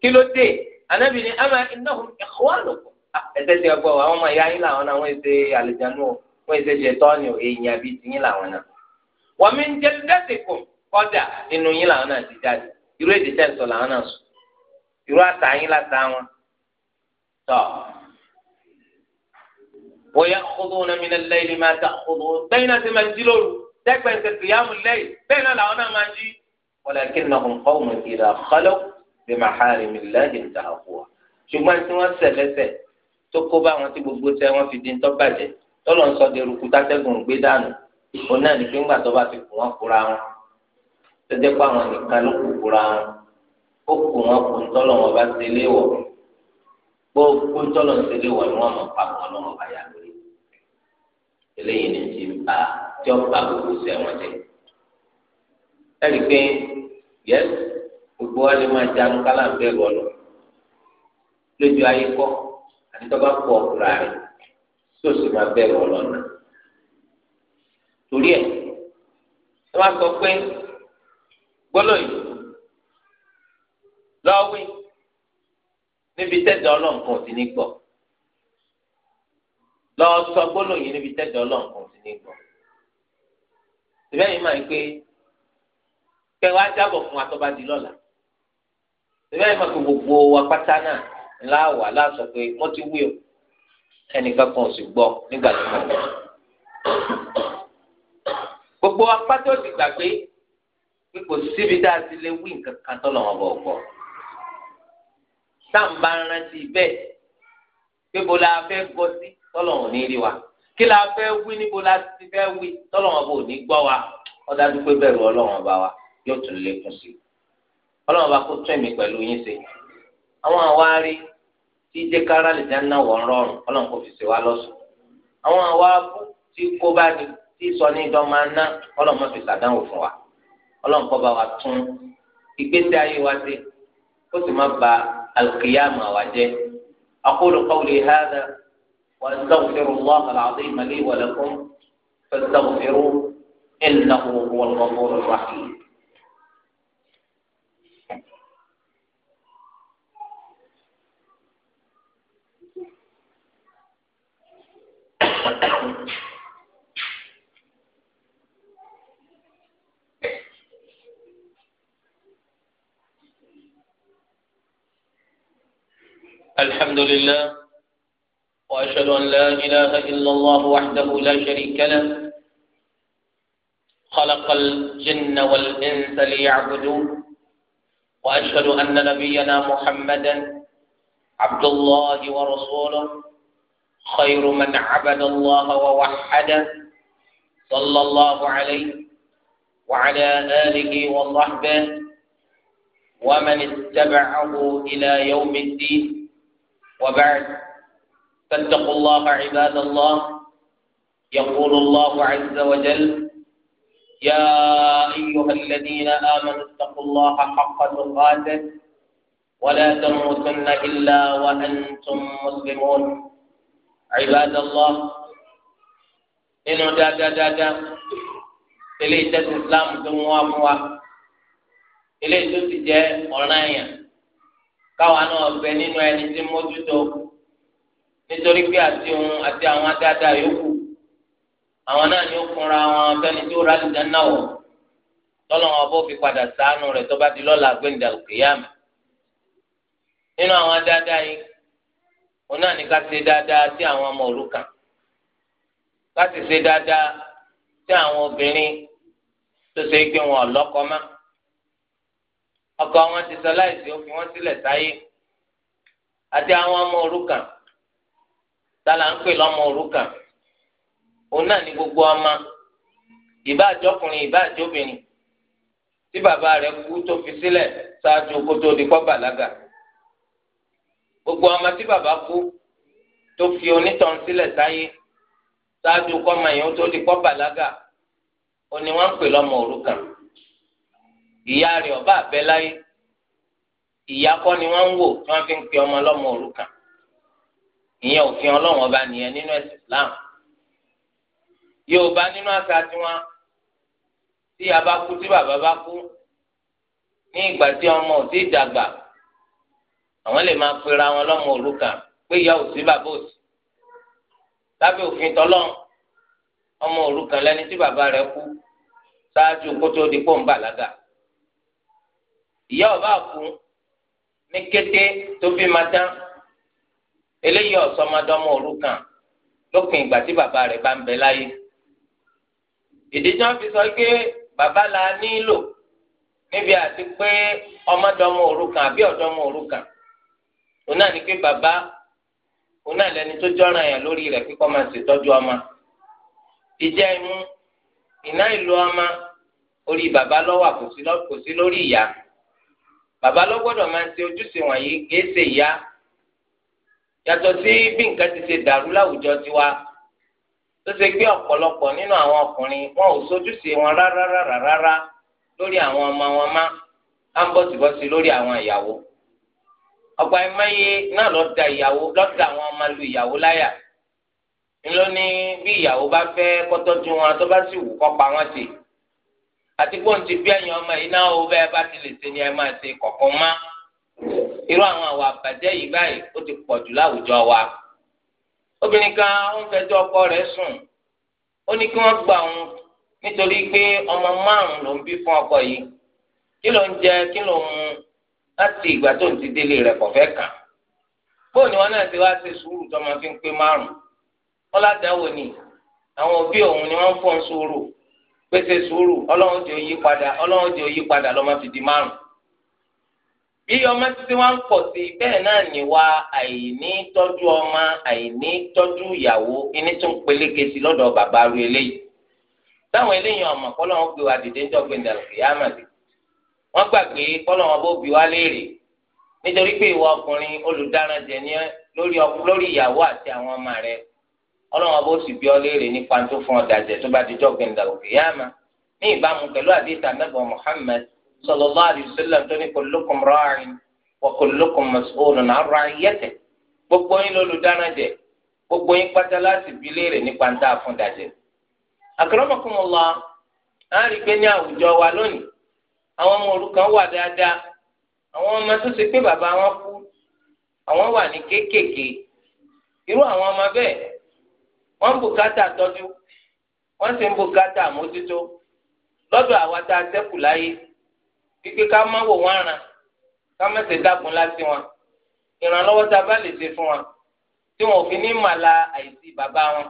kí ló dé anábì ni ama innahum ikhwanukum ẹsẹ̀ tí ẹ gbọ́ àwọn ọmọ ìyá yín làwọn náà wọ́n ṣe àlùjánu kọ́dà inú yín làwọn náà ti jáde irú èdè tẹ̀ ń sọ làwọn náà sùn irú àtà yín láta wọn tọ̀. wọ́n yẹ kótó wọn mi náà lẹ́yìn máa ta kótó wọn bẹ́ẹ̀ náà ti máa jí lóru dẹ́gbẹ́ ṣe kìyàmù lẹ́yìn bẹ́ẹ̀ náà làwọn náà máa jí. walakinnahum qawmun idha khalu bi maharimillahi intahaquha ṣùgbọ́n tí wọ́n sẹ̀lẹ́sẹ̀ tó kó bá wọn tí gbogbo tẹ wọn fi di ńtọ́ bàjẹ́ tọ́lọ́ ń sọ tẹ́jẹ́ pé àwọn nìkan ló kù kúra wọn ó kù wọn kù ńtọ́lọ̀ wọn bá ṣe léwọ̀ gbogbo ńtọ́lọ̀ ń ṣe léwọ̀ ni wọ́n mọ̀ papọ̀ lọ́wọ́ bá yà lórí eléyìí ni ti ba tí ó ba gbogbo sí ẹ̀wọ̀n jẹ. ẹ̀rí pé yẹ gbogbo wa lè máa ja nukala ń bẹ̀rù ọ̀nà lójú ayé kọ́ àti tó bá pọ̀ ọ̀kúra rẹ̀ tó sì máa bẹ̀rù ọ̀nà torí ẹ̀ ẹ wá sọ pé gbólóyìn lọ́wí níbi tẹ́jọ́ ọlọ́nkan ti ní gbọ́ lọ́ọ́ sọ gbólóyìn níbi tẹ́jọ́ ọlọ́nkan ti ní gbọ́ síbẹ̀yìn máa ń pé kẹwàá jábọ̀ fún wa tó bá di lọ́la síbẹ̀yìn máa ń pé gbogbo wa pátá náà ńlá láàṣọ pé wọ́n ti wí o ẹnìkan kan ò sì gbọ́ nígbà tí wọ́n gbọ́ gbogbo apá tó ti gbà pé pé kò síbi tá a ti lè wí nǹkan kan tọ́lọ̀ wọn bọ̀ gbọ́. sáǹbà rántí bẹ́ẹ̀ pé bo la fẹ́ gbọ́ sí tọ́lọ̀ wọn ní rí wa kí la fẹ́ wí níbo la ti fẹ́ wí tọ́lọ̀ wọn bò ní gbọ́ wa ó dájú pé bẹ̀rù ọlọ́wọ́n bá wa yóò tún lékún sí i bá kó tún èmi pẹ̀lú yín ṣe àwọn àwárí tí jẹ́ kára lè dáná wọ̀n rọrùn ọlọ́run kò fi ṣe wá lọ́sùn àwọn àwa tí kó bá ní sọ ní ọlọ́run kó bá wa tún àwa ayé wa ṣe kó sì má ba alqiyama wa jẹ́ aqulu qawli hadha wa astaghfirullaha al-azim li wa lakum fastaghfiruhu won huwal ghafurur rahim. Thank you. الحمد لله وأشهد أن لا إله إلا الله وحده لا شريك له خلق الجن والإنس ليعبدون وأشهد أن نبينا محمدا عبد الله ورسوله خير من عبد الله ووحده صلى الله عليه وعلى آله وصحبه ومن اتبعه إلى يوم الدين وبعد فاتقوا الله عباد الله يقول الله عز وجل يا أيها الذين آمنوا اتقوا الله حق تقاته ولا تموتن إلا وأنتم مسلمون عباد الله إنه دا دا دا دا إليه الإسلام اليس إليه تسجى káwa náà bẹ nínú ẹni tí mójútó nítorí pé àti òun àti àwọn adáadáa yòókù àwọn náà ni ó fúnra wọn fẹ́ni tí ó rà lùdá náà wọ tọlọmọ bó fi padà ṣàánú rẹ̀ tó bá di lọ́la gbẹndà òkèèyàmẹ nínú àwọn adáadáa yìí òun náà ní ká ṣe dáadáa sí àwọn ọmọ òrukàn ká sì ṣe dáadáa sí àwọn obìnrin tó ṣe é pé wọn ò lọ́kọ ọkọ wọn ti sọ láìsí ó fi wọn sílẹ̀ sáyé àti àwọn ọmọ òrukàn tala ń pè lọ́mọ òrukàn òun náà ní gbogbo ọmọ ìbá àjọkùnrin ìbá àjọbìnrin tí bàbá rẹ̀ kú tó fi sílẹ̀ ṣáájú kótó di kó bàlágà gbogbo ọmọ tí bàbá kú tó fi onítàn sílẹ̀ sáyé ṣáájú kọ́mọ yẹn tó di kó òun ni wọ́n ń pè lọ́mọ òrukàn ìyá rẹ̀ ọba àbẹ́ láyé ìyá kọ́ ni wọ́n ń wò tí wọ́n fi ń pe ọmọ ọlọ́mọ òrukàn ìyẹn òfin ọlọ́run ọba nìyẹn nínú ẹ̀sìn Islam Yorùbá nínú àṣà tiwọn tí a bá kú tí bàbá bá kú ní ìgbà tí ọmọ ò tíì dàgbà àwọn lè máa pera wọn lọ́mọ òrukàn pé ìyá ò sí bàbá ò sí lábẹ́ òfin tọ́lọ́ ọmọ òrukàn lẹni tí bàbá rẹ̀ kú ṣáájú kótó di pọ́ńbà lága ìyá ọba kú ní kété tó bí ma dán eléyìí ọ̀sọ́mọdọ́mọ òrukàn lópin ìgbà tí bàbá rẹ̀ bá ń bẹ láyé ìdí tí wọ́n fi sọ pé bàbá la nílò níbi àti pé ọmọdọ́mọ òrukàn àbí ọ̀dọ́mọ òrukàn òun náà ni pé bàbá òun náà lẹni tó jọ́ràn yàn lórí rẹ̀ kíkọ́ máa ṣètọ́jú ọmọ ìjẹ́ imú iná ìlú ọmọ orí bàbá lọ́wọ́ kò sí lórí ìyá bàbá ló gbọ́dọ̀ máa ń ṣe ojúṣe wọ̀nyí kìí ṣe ìyá yàtọ̀ sí bí nǹkan ti ṣe dàrú láwùjọ tiwa tó ṣe gbé ọ̀pọ̀lọpọ̀ nínú àwọn ọkùnrin wọn ò sojúṣe wọn rárá rárá rárá lórí àwọn ọmọ wọn má á ń bọ̀sibọ́sí lórí àwọn ìyàwó ọ̀pọ̀ ẹ̀mẹ́yẹ náà lọ da ìyàwó lọ da àwọn ọmọ lu ìyàwó láyà ńlọ ní bí ìyàwó bá fẹ́ kọ́tọ́jú wọn tó bá sì wù kọ́ wọn tì àti gbọ́n ti bí ẹ̀yin ọmọ yìí náà ó bẹ́ẹ̀ bá ti lè ṣe ni ẹ máa ṣe kọ̀ọ̀kan má. irú àwọn àwọ̀ àbàjẹ́ yìí báyìí ó ti pọ̀ jù láwùjọ wa. obìnrin kan ó ń fẹjọ́ ọkọ rẹ̀ sùn ó ní kí wọ́n gbà òun nítorí pé ọmọ márùn-ún ló ń bí fún ọkọ yìí kí ló ń jẹ kí ló ń mu láti ìgbà tó ń ti délé rẹ̀ kò fẹ́ kàn. bó ni wọn náà ti wá ṣe sùúrù tó máa fi ń pé márùn-ún wọn pèsè sùúrù ọlọ́run tí ó yí padà ọlọ́run tí ó yí padà lọ́mọ fi di márùn. bí ọmọ títí wá ń pọ̀ sí bẹ́ẹ̀ náà ni wa àìní tọ́jú ọmọ àìní tọ́jú ìyàwó iní tó ń peléke sí lọ́dọ̀ bàbá ru eléyìí. táwọn eléyìí ọmọ kọ́lọ́run gbé wa dìde ńjọ́ gbé ndàlùkì yámàdì. wọ́n gbàgbé kọ́lọ́run bó bi wá léèrè nítorí pé ìwọ ọkùnrin olùdáranjẹ ni lórí ìyàwó àti àwọn ọmọ rẹ̀ ọlọ́run abó sì bí ọ léèrè nípa tó fún ọ dàjẹ́ tó bá dijọ́ gbẹ̀ndà òkè yá ma ní ìbámu pẹ̀lú àdéhùn anábọ̀ Muhammad sallallahu alaihi wasallam tó ní kullukum ra'in wa kullukum mas'ulun 'an ra'iyyatihi gbogbo yín lólùdánájẹ gbogbo yín pátá láti bí léèrè nípa tá a fún dàjẹ́. akramakumullah á rí i pé ní àwùjọ wa lónìí àwọn ọmọ òrukàn wà dáadáa àwọn ọmọ tó ṣe pé bàbá wọn kú àwọn wà ní kéékèèké irú àwọn ọmọ bẹ́ẹ̀ wọ́n ń bùkátà tọ́jú wọ́n sì ń bùkátà mójútó lọ́dọ̀ àwa tá a ṣẹ́kù láyé pípé ká má wò wọ́n ràn ká má ṣe dákun láti wọn ìrànlọ́wọ́ tá a bá lè ṣe fún wọn tí wọn ò fi ní màlà àìsí bàbá wọn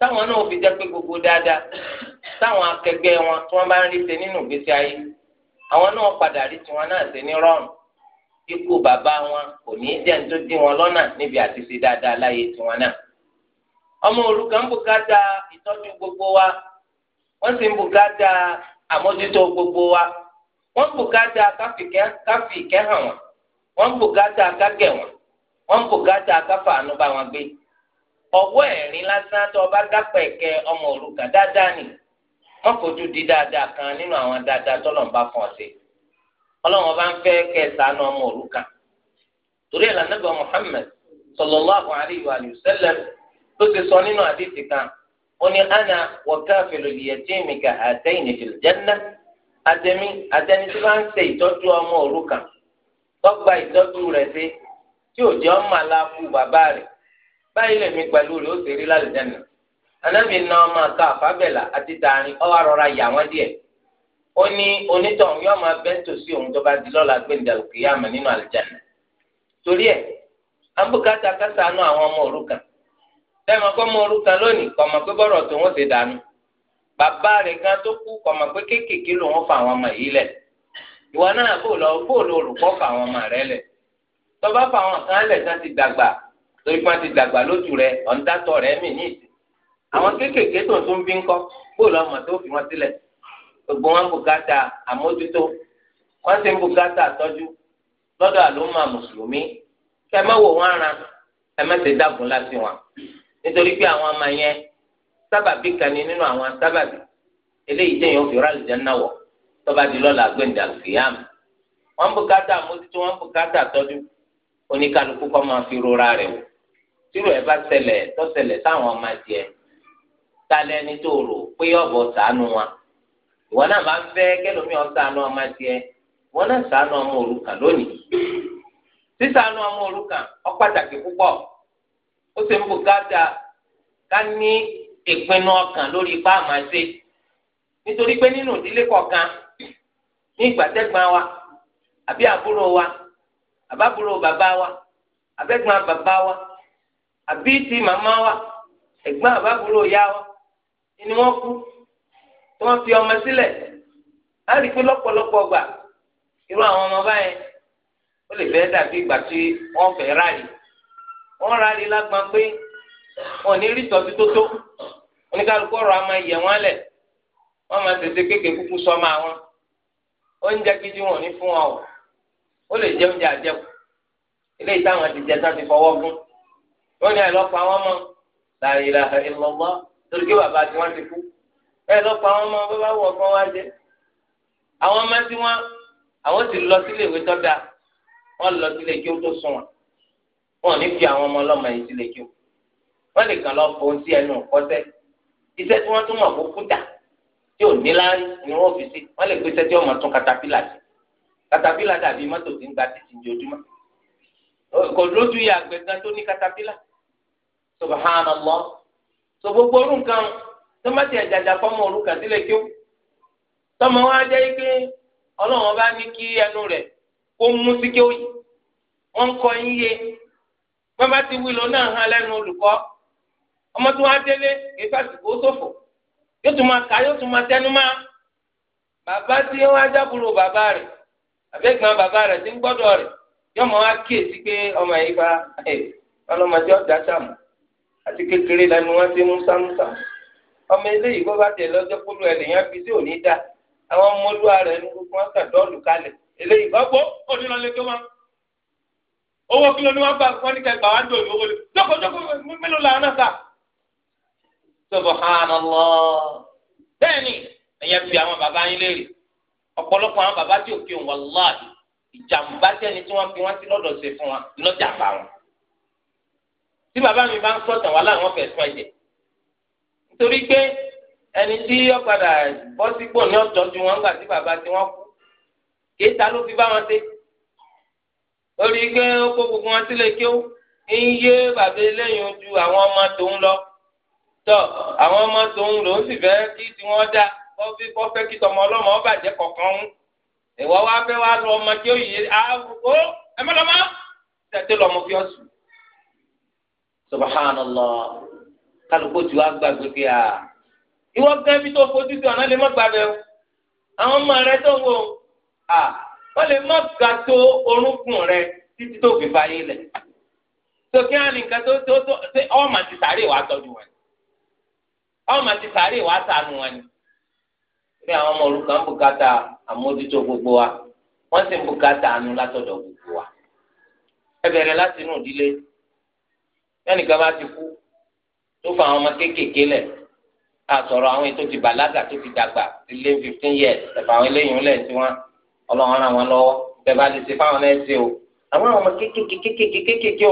táwọn náà fi jẹ́ pé gbogbo dáadáa táwọn akẹgbẹ́ wọn tí wọ́n bá ń rí ṣe nínú ìgbésí ayé àwọn náà padà rí tiwọn náà ṣe ní rọrùn ikú bàbá wọn kò ní í jẹ́ ní tó dín wọn lọ́nà níbi àti ṣe dáadáa láyé tiwọn náà. ọmọ mbụ ń bùkátà ìtọ́jú gbogbo wa wọ́n sì ń bùkátà àmójútó gbogbo wa wọ́n bùkátà káfíkẹ́ hàn wọ́n wọ́n bùkátà kákẹ́ wọ́n wọ́n bùkátà káfàánú bá wọn gbé ọwọ́ ẹ̀rín lásán tó ọba dápẹ̀ kẹ ọmọ òrukàn dáadáa nì wọ́n fojú kan nínú àwọn dáadáa ọba ń fẹ́ ọmọ òrukàn torí ẹ̀ Muhammad ló ti sọ nínú àdìsí kan ana wọkáfìlò lìyẹtìmí ka àtẹyìn ìfìlìjẹnà àtẹmí àtẹni tí wọn ń ṣe ìtọ́jú ọmọ òrukàn tọgbà se rẹ̀ sí tí ò jẹ́ ọmọ aláfu bàbá rẹ̀ báyìí mi pẹ̀lú rẹ̀ o sì rí lálùjẹnà anabi na ọmọ àka afabela ati tààrin ọwọ àrọra yà wọn díẹ̀ ó ní onítọ̀hún tẹ́lẹ̀ kọ́ mọ orúkọ lónìí kọ́ mọ̀ pé bọ́rọ̀ tó wọ́n ti dànù bàbá rẹ̀ kan tó kú kọ́ mọ̀ pé kéékèèké ló wọ́n fa àwọn ọmọ yìí lẹ̀ ìwọ náà bò lọ bò lọ olùkọ́ fa àwọn ọmọ rẹ lẹ̀ tọ́ba fa àwọn kan lẹ̀ tán ti dàgbà torí pé wọ́n ti dàgbà lójú rẹ̀ ọ̀ńdàtọ̀ rẹ̀ mì ní ìsìn àwọn kéékèèké tó tún bí ń kọ́ bò lọ mọ̀ tó fi wọ́n sílẹ̀ gbogbo wọn bùkátà nítorí pé àwọn ọmọ yẹn sábàbí kan ní nínú àwọn sábàbí eléyìí fi rà lìjánná wọ̀ tọ́ba di lọ́la gbẹ̀ǹdà kìyàmù wọ́n bùkátà mójútó wọ́n bùkátà tọ́jú oníkálukú kọ́ máa fi rora rẹ̀ wò tírò ẹ̀ bá ṣẹlẹ̀ tó ṣẹlẹ̀ ọmọ tiẹ̀ talẹ̀ ní tó rò pé ọ̀bọ̀ ṣàánú wa ìwọ náà máa ń fẹ́ kẹlòmí ọ̀sánú ọmọ tiẹ̀ ìwọ náà ó sì ń bùkátà ká ní ìpinnu ọkàn lórí ipá àmàṣe nítorí pé nínú ìdílé kọ̀ọ̀kan ní ìgbàtẹ́gbọ́n wa àbí àbúrò wa àbábúrò bàbá wa àbẹ́gbọ́n bàbá wa àbí ti màmá wa ẹ̀gbọ́n àbábúrò ìyá wa ni wọ́n kú tí wọ́n fi ọmọ sílẹ̀ láti pé lọ́pọ̀lọpọ̀ gbà irú àwọn ọmọ báyẹn ó lè fẹ́ dàbí ìgbà tí wọ́n fẹ́ ráàyè wọ́n ra rí lágbọn pé wọ́n ní rí tọ́sí tó tó oníkálukú ọ̀rọ̀ a máa yẹ̀ wọ́n lẹ̀ wọ́n máa tètè kéèké kúkú sọ́mọ àwọn oúnjẹ gidi wọn ò ní fún wọn o ó lè jẹ oúnjẹ àjẹkù eléyìí táwọn ti jẹ tán ti fọwọ́ gún wọ́n ní àìlọ́pàá wọn mọ́ láàyè làhẹ́ ìlọ́gbọ́ torí pé bàbá tí wọ́n ti kú àìlọ́pàá wọn mọ́ bàbá wọ̀ kán wá jẹ àwọn ọmọ tí wọ́n àwọn sì lọ sílé ìwé tọ́ da wọ́n lọ sílé kí ó tó sùn wọn wọn ò ní fi àwọn ọmọ ọlọ́mọ yìí sílẹ̀ kí o wọ́n lè kàn lọ fò sí ẹnu kọ́sẹ́ iṣẹ́ tí wọ́n tún mọ̀ fún kúta tí ò ní láárí ni wọ́n fi sí wọ́n lè pé iṣẹ́ tí wọ́n mọ̀ tún katapila sí katapila dàbí mọ́tò tí ń gba títì ní kò lójú yà àgbẹ̀ tó ní katapila subhanallah so gbogbo orun kan tọ́mọ́tì ẹ̀jàjà fọ́mọ orúkà sílẹ̀ kí o tọ́mọ wa jẹ́ pé ọlọ́run bá ní kí ẹnu rẹ̀ kó mú sí kí ó yìí wọ́n bàbá ti wí lọ náà hàn lẹ́nu olùkọ́ ọmọ tó wá délé kìí fàsìkò ṣòfò yóò tún máa kà yóò tún máa tẹnu máa bàbá tí wọn ajábúrò bàbá àbẹ́gbọ́n bàbá ti ń gbọ́dọ̀ rẹ yóò mọ wá kíyèsí pé ọmọ yìí bá ọlọ́mọdé ọ̀dà sàmù àti kékeré lẹ́nu wọn ti mú ọmọ eléyìí bó bá lọ́jọ́ dá àwọn ní gbogbo wọn dọ́ọ̀lù kalẹ̀ owó kí ló ní wọn gbà wọn ní kẹgbà wọn dòdò owó lè jókòó jókòó mélòó làwọn náà sà. subhanallah bẹ́ẹ̀ni ẹyẹ fi àwọn bàbá yín léèrè ọ̀pọ̀lọpọ̀ àwọn bàbá tí òkè wàláhì ìjàmbá tẹni tí wọn fi wọn sí lọ́dọ̀ ṣe fún wa lọjà bá wọn. tí bàbá mi bá ń sọ̀tàn wà láwọn fẹ̀ẹ́ fún ẹ̀jẹ̀ nítorí pé ẹni tí ọ̀padà bọ́sípò ní ọ̀tọ́jú wọn gbà tí bàbá tí wọ́n kú kéta ló fi bá wọn ṣe lórí pé ó kó gbogbo wọn sílẹ̀ kí ó ń yé bàbá eléyìí ju àwọn ọmọ tòun lọ tọ àwọn ọmọ tòun lòún sì fẹ́ kí tiwọn dá kọfí kọfẹ kí tọmọ ọlọmọ ọba jẹ kọkàn ń ìwọ wa fẹ́ wá lọ ọmọ tí ó yẹ àwòkó ẹ má lọmọ tètè lọmọ fi ọsùn subhanallah kálukó tí wàá gbàgbé pé a ìwọ gẹ́gẹ́ bí tó fojú sí ọ̀nà lè má gbàgbé o àwọn ọmọ rẹ tó ń wò ó a wọ́n lè má ga tó orúnkún rẹ títí tó fi fàyè lẹ̀. sókè á nìkan tó tó tó ṣe ọmọ ti sàárè wàá tọ́jú wọn ọmọ ti sàárè wàá sànù wọn ni. bí àwọn ọmọ òrukàn ń bùkátà àmójútó gbogbo wa wọ́n sì ń bùkátà àánú látọ̀dọ̀ gbogbo wa. ẹ bẹ̀rẹ̀ láti inú ìdílé ẹnìkan bá ti kú tó fa àwọn ọmọ kéékèèké lẹ̀ àtọ̀rọ̀ àwọn ètò ti bàlágà tó ti dàgbà ilé fifteen years ẹ̀fà àwọn eléyìí ń lẹ̀ ọlọ́run ràn wọ́n lọ́wọ́ bẹ́ẹ̀ bá lè ṣe fáwọn náà ṣe o àwọn ọmọ kékékékékékékéké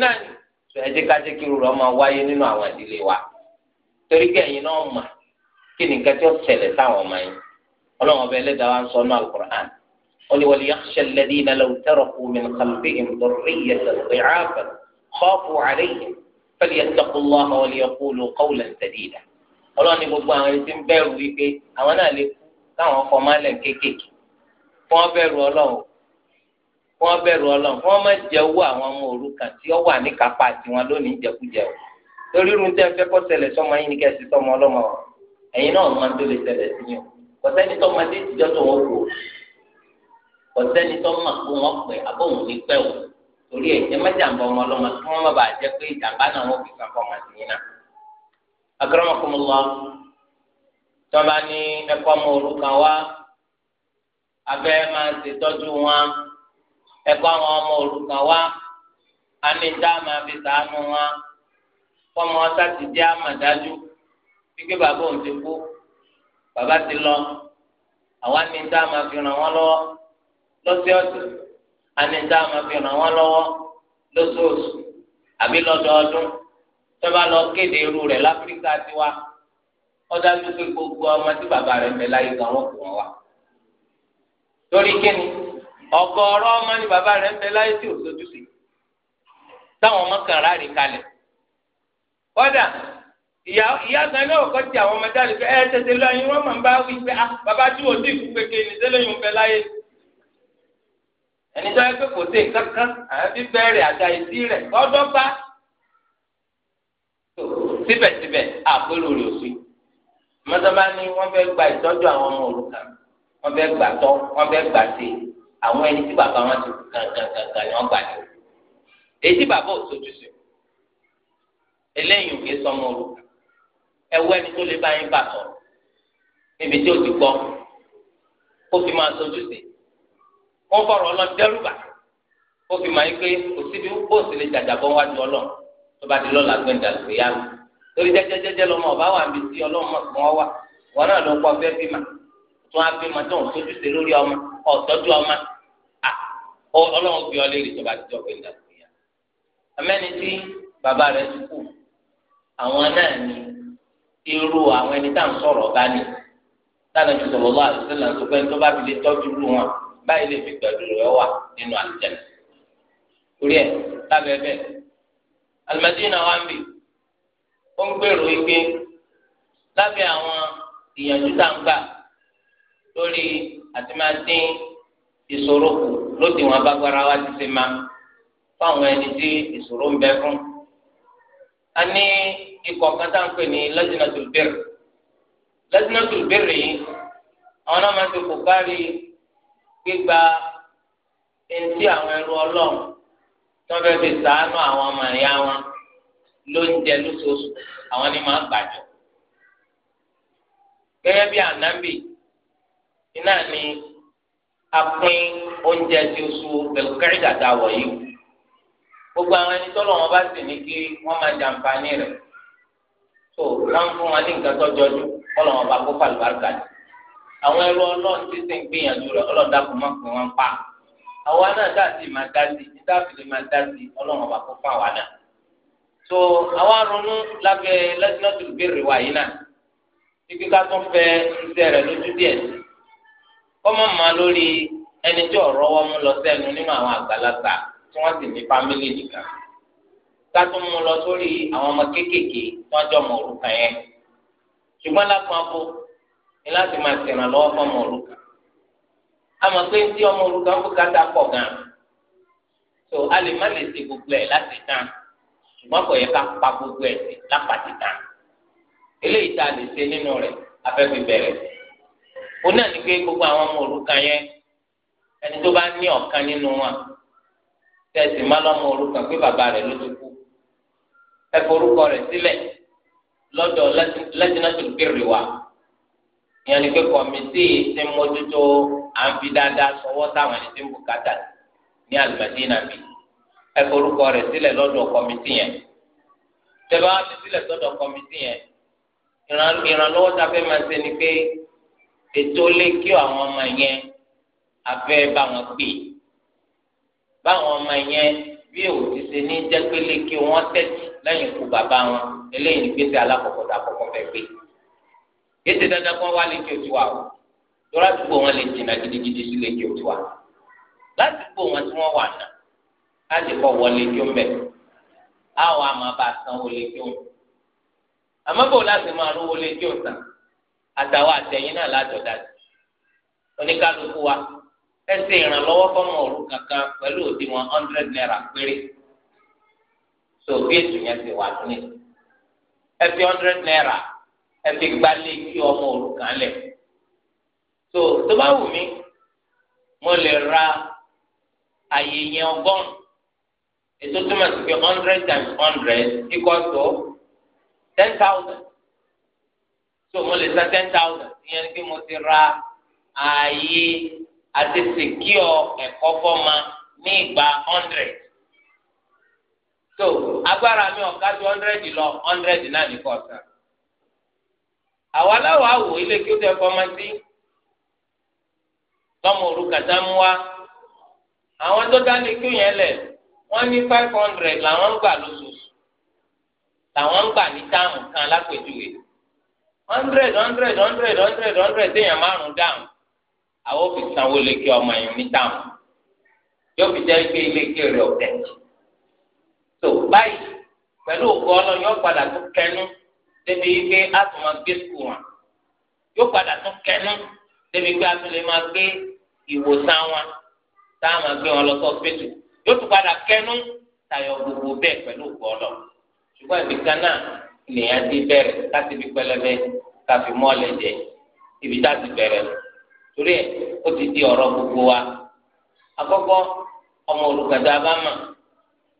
a a ẹ jẹ́ ká jẹ́ kí irú rẹ̀ máa wáyé nínú àwọn ìdílé wa torí kí ẹ̀yin náà mà kí ni nǹkan tí ó ṣẹlẹ̀ sáwọn ọmọ yẹn ọlọ́run ọba ẹlẹ́dàá wa ń sọ ní alukur'an ó ní wal yakhsha alladhina law taraku min khalfihim dhurriyyatan dhi'afan khafu alayhim falyattaqullaha wa liyaqulu qawlan sadida ọlọ́run ní gbogbo àwọn ẹni tí ń bẹ̀rù wípé àwọn náà lè kú káwọn fọmọ́lẹ̀ kéékèèké fún ọ bẹ̀rù wọn bẹ̀rù Ọlọ́run wọn máa jẹ owó àwọn ọmọ òrukàn tí ó wà ní kápá tiwọn lónìí jẹkújẹ o torí irun tẹ́ fẹ́ kó ṣẹlẹ̀ sọmọ yín ọlọmọ ẹ̀yin náà máa ń tó lè o kọsẹni tó wọn kọsẹni kó o torí ẹ ẹ má jàǹbá ọmọ ọlọmọ wọn má bàa jẹ pé ìjàǹbá náà ẹkọ àwọn ọmọ òrukàn wa àmì tá a máa fi sàánú wa fọmọ ọtá ti jẹ àmàdájú wípé bàbá òun ti kú bàbá ti lọ àwa ní tá a máa fi ràn wọn lọ́wọ́ lọ́sọ̀ọ̀sẹ̀ àmì tá a máa fi ràn wọn lọ́wọ́ lóṣooṣù àbí lọ́dọọdún tọ́ba lọ kéde irú rẹ̀ láfíríkà tiwa ọ̀dájú pé gbogbo ọmọ tí bàbá rẹ̀ ń láyé gan wọ́n kù wọ́n wá. torí kíni ọ̀gọ̀rọ̀ ọmọ ni bàbá rẹ̀ ń bẹ láyé tí ò sojú sí táwọn ọmọ kan ráàrí kalẹ̀ kódà ìyá ìyá kan náà kọ́ ti àwọn ọmọ jáde pé ẹ tètè lọ yín wọ́n mọ̀ ń bá wí pé ah bàbá tí ò sí ìfún kékeré ní sẹ́lẹ̀ yóò ń bẹ láyé ẹni tó yẹ pé kò sí kankan àbí bẹ́ẹ̀rẹ̀ àti àìsí rẹ̀ lọ́dọ́ bá síbẹ̀síbẹ̀ àpérò rẹ̀ òsì mọ́tàbá ni wọ́n fẹ́ gba ìtọ́jú àwọn ọmọ òrukàn wọ́n fẹ́ gbàtọ́ wọ́n fẹ́ gbàtẹ́ àwọn ẹni tí bàbá wọn ti kú gangan ni wọn gbà ní èyí tí bàbá ò sojú sí eléyìí òkè sọmọ olú ẹwọ ẹni tó lè bá yín bà sọ̀rọ̀ níbi tí ó ti gbọ́ ó fi máa sojú sí wọn fọ̀rọ̀ Ọlọ́run dẹ́rùbà ó fi máa yí pé kò síbi ó sì lè jàjàbọ wájú Ọlọ́run tó bá di lọ́la gbẹndà lóyà lórí jẹjẹjẹjẹ lọmọ ọba wà níbi tí Ọlọ́run mọ sí wọn wà wọn náà ló kọ tó wá bí ọmọ tó ń sojú sí lórí ọmọ ọ̀tọ́jú ọmọ ọlọ́run bí ọlẹ́ rí tọ́ba àtijọ́ pé nígbà tó yá amẹ́ni tí bàbá rẹ̀ ti kú àwọn náà ni irú àwọn ẹni tá à ń sọ̀rọ̀ bá ní táwọn ẹni sọ̀rọ̀ lọ́wọ́ àti sẹ́lẹ̀ tó pẹ́ tó bá fi lè tọ́jú irú wọn báyìí lè fi gbẹ̀dú rẹ̀ wà nínú àtijọ́ orí ẹ̀ lábẹ́ bẹ́ẹ̀ Al-Madina wa ń bì ó ń gbèrò igbe lábẹ́ àwọn ìyànjú tá à ń gbà lórí àti máa dín ìṣòro kù lóde wọn agbára wa ti ṣe ma fáwọn ẹni tí ìṣòro ń bẹ fún. a ní ikọ̀ kan tá à ń pè ní lajnatul birr lajnatul birr yìí àwọn náà máa ti kò kárí gbígba eŋti àwọn ẹrú ọlọ́run tí fi sàánú àwọn ọmọ ìyá wọn lóúnjẹ lóṣooṣù àwọn ni máa gbàjọ. gẹ́gẹ́ bí ànábì iná ni apin oúnjẹ tí oṣù belkirida ta wọ̀ yìí gbogbo àwọn ẹni tọ́lọ̀ wọn bá sì ní kí wọ́n máa jàǹfààní rẹ̀ tó wọ́n fún wọn ní nǹkan tọ́jọ́jú kọ́lọ̀ wọn bá kó fàlùbáràkà ni àwọn ẹrú ọlọ́run ti sì ń gbìyànjú rẹ̀ ọlọ́run dákun mọ́ pé wọ́n pa àwa náà dáàtì máa dáàtì níta fìlè máa dáàtì ọlọ́run ọba kó fún àwa náà tó àwa ronú lábẹ́ lẹ́sìnà tó gbèrè wáyé náà kọ́mọ ma lórí ẹni tí ọ̀rọ̀ wọ́n mú lọ sẹ́nu nínú àwọn àgbàlagbà tí wọ́n sì ní fámìlì nìkan ká tún mú lọ sórí àwọn ọmọ kéékèèké tí wọ́n jọ mọ òrùka yẹn ṣùgbọ́n lápá bó ni láti máa ṣèrànlọ́wọ́ fọmọ òrùka àmọ́ pé tí ọmọ òrùka ń bùkátà pọ̀ gan so a lè má lè ṣe gbogbo ẹ̀ láti tán ṣùgbọ́n kò yẹ ká pa gbogbo ẹ̀ sí lápá ti a lè ṣe nínú òun náà ní pé gbogbo àwọn ọmọ òrukàn yẹn ẹni tó bá ní ọ̀kan nínú wọn tẹ̀sí má lọ́mọ òrukàn pé bàbá rẹ̀ ló ti kú ẹ forúkọ rẹ̀ sílẹ̀ lọ́dọ̀ lẹ́tínátò bèrè wa ìyẹn ni pé kọ̀mìtì ti mójútó à ń fi dáadáa sọwọ́ táwọn ẹni tí ń bùkátà ní àlùmọ́dínà mi ẹ forúkọ rẹ̀ sílẹ̀ lọ́dọ̀ kọ̀mìtì yẹn tẹ̀lé wa ti sílẹ̀ sọ́dọ̀ kọ̀mìtì yẹn ìrànlọ́wọ́ ètò lé kí àwọn ọmọ yẹn abẹ́ bá wọn pè báwọn ọmọ yẹn bí òun ti ṣe ní jẹ́pẹ́lẹ́ kí wọ́n tẹ̀sí lẹ́yìn ikú bàbá wọn eléyìí ní gbèsè alákọ̀ọ́kọ́ tó àkọ́kọ́ fẹ́ gbé gbèsè dandan kan wá lè kí o ti wà o tọ́lá dùgbò wọn lè jìnnà gidigidi sí lè kí o ti wà láti gbò wọn tí wọ́n wà nà láti kọ́ wọlé kí o mẹ́ àwọn àmọ́ bá sanwó lè kí o àmọ́ bò láti máa rówó lè kí o sàn àtàwọn àtẹ̀yìn náà lájọ̀dá sí oníkálukú wa ẹsẹ̀ ìrànlọ́wọ́ fọ́mọ òru kankan pẹ̀lú òdiwọ̀n hundred naira péré so bí ètò yẹn ti wà ní ẹ hundred naira ẹ fi gbálé kí ọmọ òru kan lẹ̀ so tó bá wù mí mo lè ra àyè yẹn ọgọ́rùn ètò tó máa ti fi hundred times hundred equals to ten thousand so mo lè san ten thousand ìyẹn ni pé mo ti ra ààyè àti sèkíọ ẹ̀kọ́ fọ́mà ní ìgbà hundred so agbára mi ọ̀ka ju hundred lọ hundred náà ní kò san àwa aláwọ̀ àwò ilé kí ó tẹ fọ́mà sí tọmọ òrukàtà mú wa àwọn tó dá lé kí yẹn lẹ̀ wọ́n ní five hundred làwọn ń gbà lóṣooṣù làwọn ń gbà ní táàmù kan lápèjúwe hundred hundred hundred hundred hundred téèyàn márùn dáhùn àwọn òfin sanwó lékè ọmọ yẹn ní dáhùn yóò fi jẹ́ pé lékè rẹ̀ ọ̀tẹ̀ tó báyìí pẹ̀lú òkú ọlọ́run yóò padà tún kẹnu débi pé a tún máa gbé sùkúù wọn yóò padà tún kẹnu débi pé a tún lè máa gbé ìwòsàn wọn tá a máa gbé wọn lọ sọ́sibítù yóò tún padà kẹnu tayọ gbogbo bẹ́ẹ̀ pẹ̀lú òkú ọlọ́run ṣùgbọ́n ìbí kan náà lèèyàn ti bẹ̀rẹ̀ láti fi pẹlẹbẹ káfí mọ́ọ̀lẹ̀ jẹ ibi tá a ti bẹ̀rẹ̀ torí ẹ̀ ó ti di ọ̀rọ̀ gbogbo wa àkọ́kọ́ ọmọ olùkàdá bá mà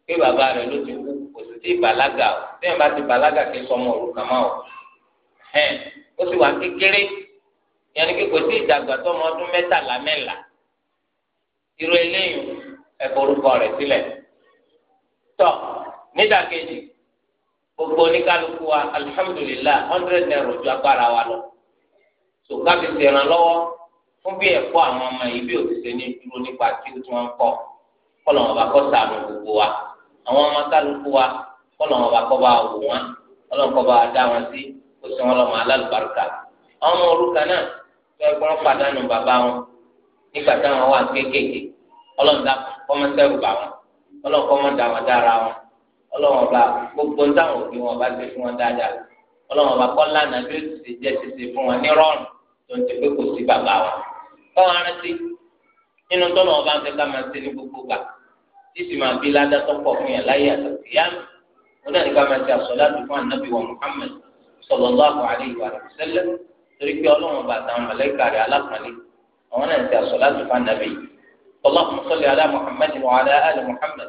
pé bàbá rẹ̀ ló ti kú kò sì ti bàlágà o bẹ́ẹ̀ bá ti bàlágà kí sọ ọmọ olùkàmá o ẹ̀ẹ́n ó sì wà kékeré yẹnni pé kò sí ìdàgbà tó ọmọ ọdún mẹ́tàlá mẹ́la irú eléyìí ẹ̀fọ́ orúkọ rẹ̀ sílẹ̀ tọ́ nídàkejì gbogbo oníkálukú wa alihamudulilayi hundred naira ju agbára wa lọ tó kábi ṣèràn lọ́wọ́ fún bí ẹ̀kọ́ àwọn ọmọ yìí bí òṣìṣẹ́ ní dúró nípa tí ó tún wọn kọ́ kọ́lọ̀ wọn bá kọ́ sàánú gbogbo wa àwọn ọmọ kálukú wa kọ́lọ̀ wọn bá kọ́ bá wò wọn ọlọ́run kọ́ bá dá wọn sí ó sì wọn lọ́mọ alálùbáríkà àwọn ọmọ òrukàn náà tó ẹgbẹ́ wọn pàdánù bàbá wọn nígbà táwọn wà kéékèèké ọlọ́run dá kọ́mọ́sẹ́rù bà wọn ọlọ́run kọ́mọ́ dá wọn dára wọn ọlọ́wọ́n ọba gbogbo ń táwọn òbí wọn bá ṣe fún wọn dáadáa ọlọ́wọ́n ọba kọ́ lánàá bí ó ti ṣe jẹ́ ṣiṣe fún wọn ní rọrùn tó ń ti pé kò sí bàbá wọn. kọ́ wọn rántí nínú tọ́lọ̀ ọba ń fẹ́ ká máa ṣe ní gbogbo gbà tí máa bí ládàtọ̀ pọ̀ fún yàn láyé àtàkùyàmù wọn náà ní ká máa ṣe àsọ̀láàtù fún ànábì wa Muhammad sallallahu alaihi wa sallam torí pé ọlọ́wọ́n ọba àtàwọn mọ̀lẹ́kà rẹ̀ alákùnrin àwọn náà ń ṣe àsọ̀láàtù fún ànábì Allahumma salli ala Muhammad wa ala ali Muhammad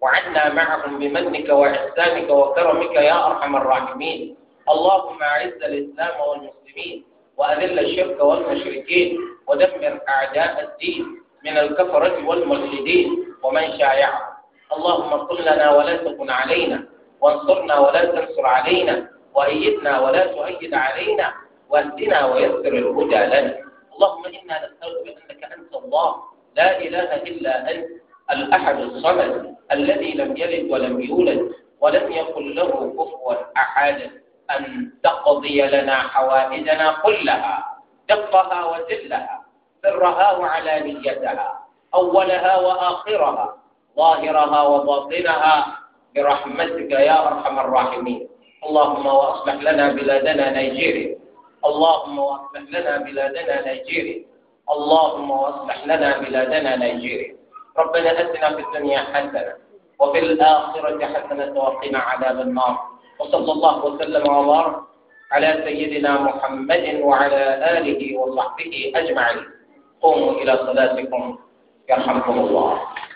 وعنا معهم بمنك وإحسانك وكرمك يا أرحم الراحمين اللهم أعز الإسلام والمسلمين وأذل الشرك والمشركين ودمر أعداء الدين من الكفرة والملحدين ومن شايعهم اللهم قل لنا ولا تكن علينا وانصرنا ولا تنصر علينا وأيدنا ولا تؤيد علينا واهدنا ويسر الهدى لنا اللهم إنا نسألك انك أنت الله لا إله إلا أنت الأحد الصمد الذي لم يلد ولم يولد ولم يكن له كفوا أحد أن تقضي لنا حوائجنا كلها دقها وجلها سرها وعلانيتها أولها وآخرها ظاهرها وباطنها برحمتك يا أرحم الراحمين اللهم وأصلح لنا بلادنا نيجيريا اللهم وأصلح لنا بلادنا نيجيريا اللهم وأصلح لنا بلادنا نيجيريا ربنا أتنا في الدنيا حسنة وفي الآخرة حسنة وقنا عذاب النار وصلى الله وسلم وبارك على سيدنا محمد وعلى آله وصحبه أجمعين قوموا إلى صلاتكم يرحمكم الله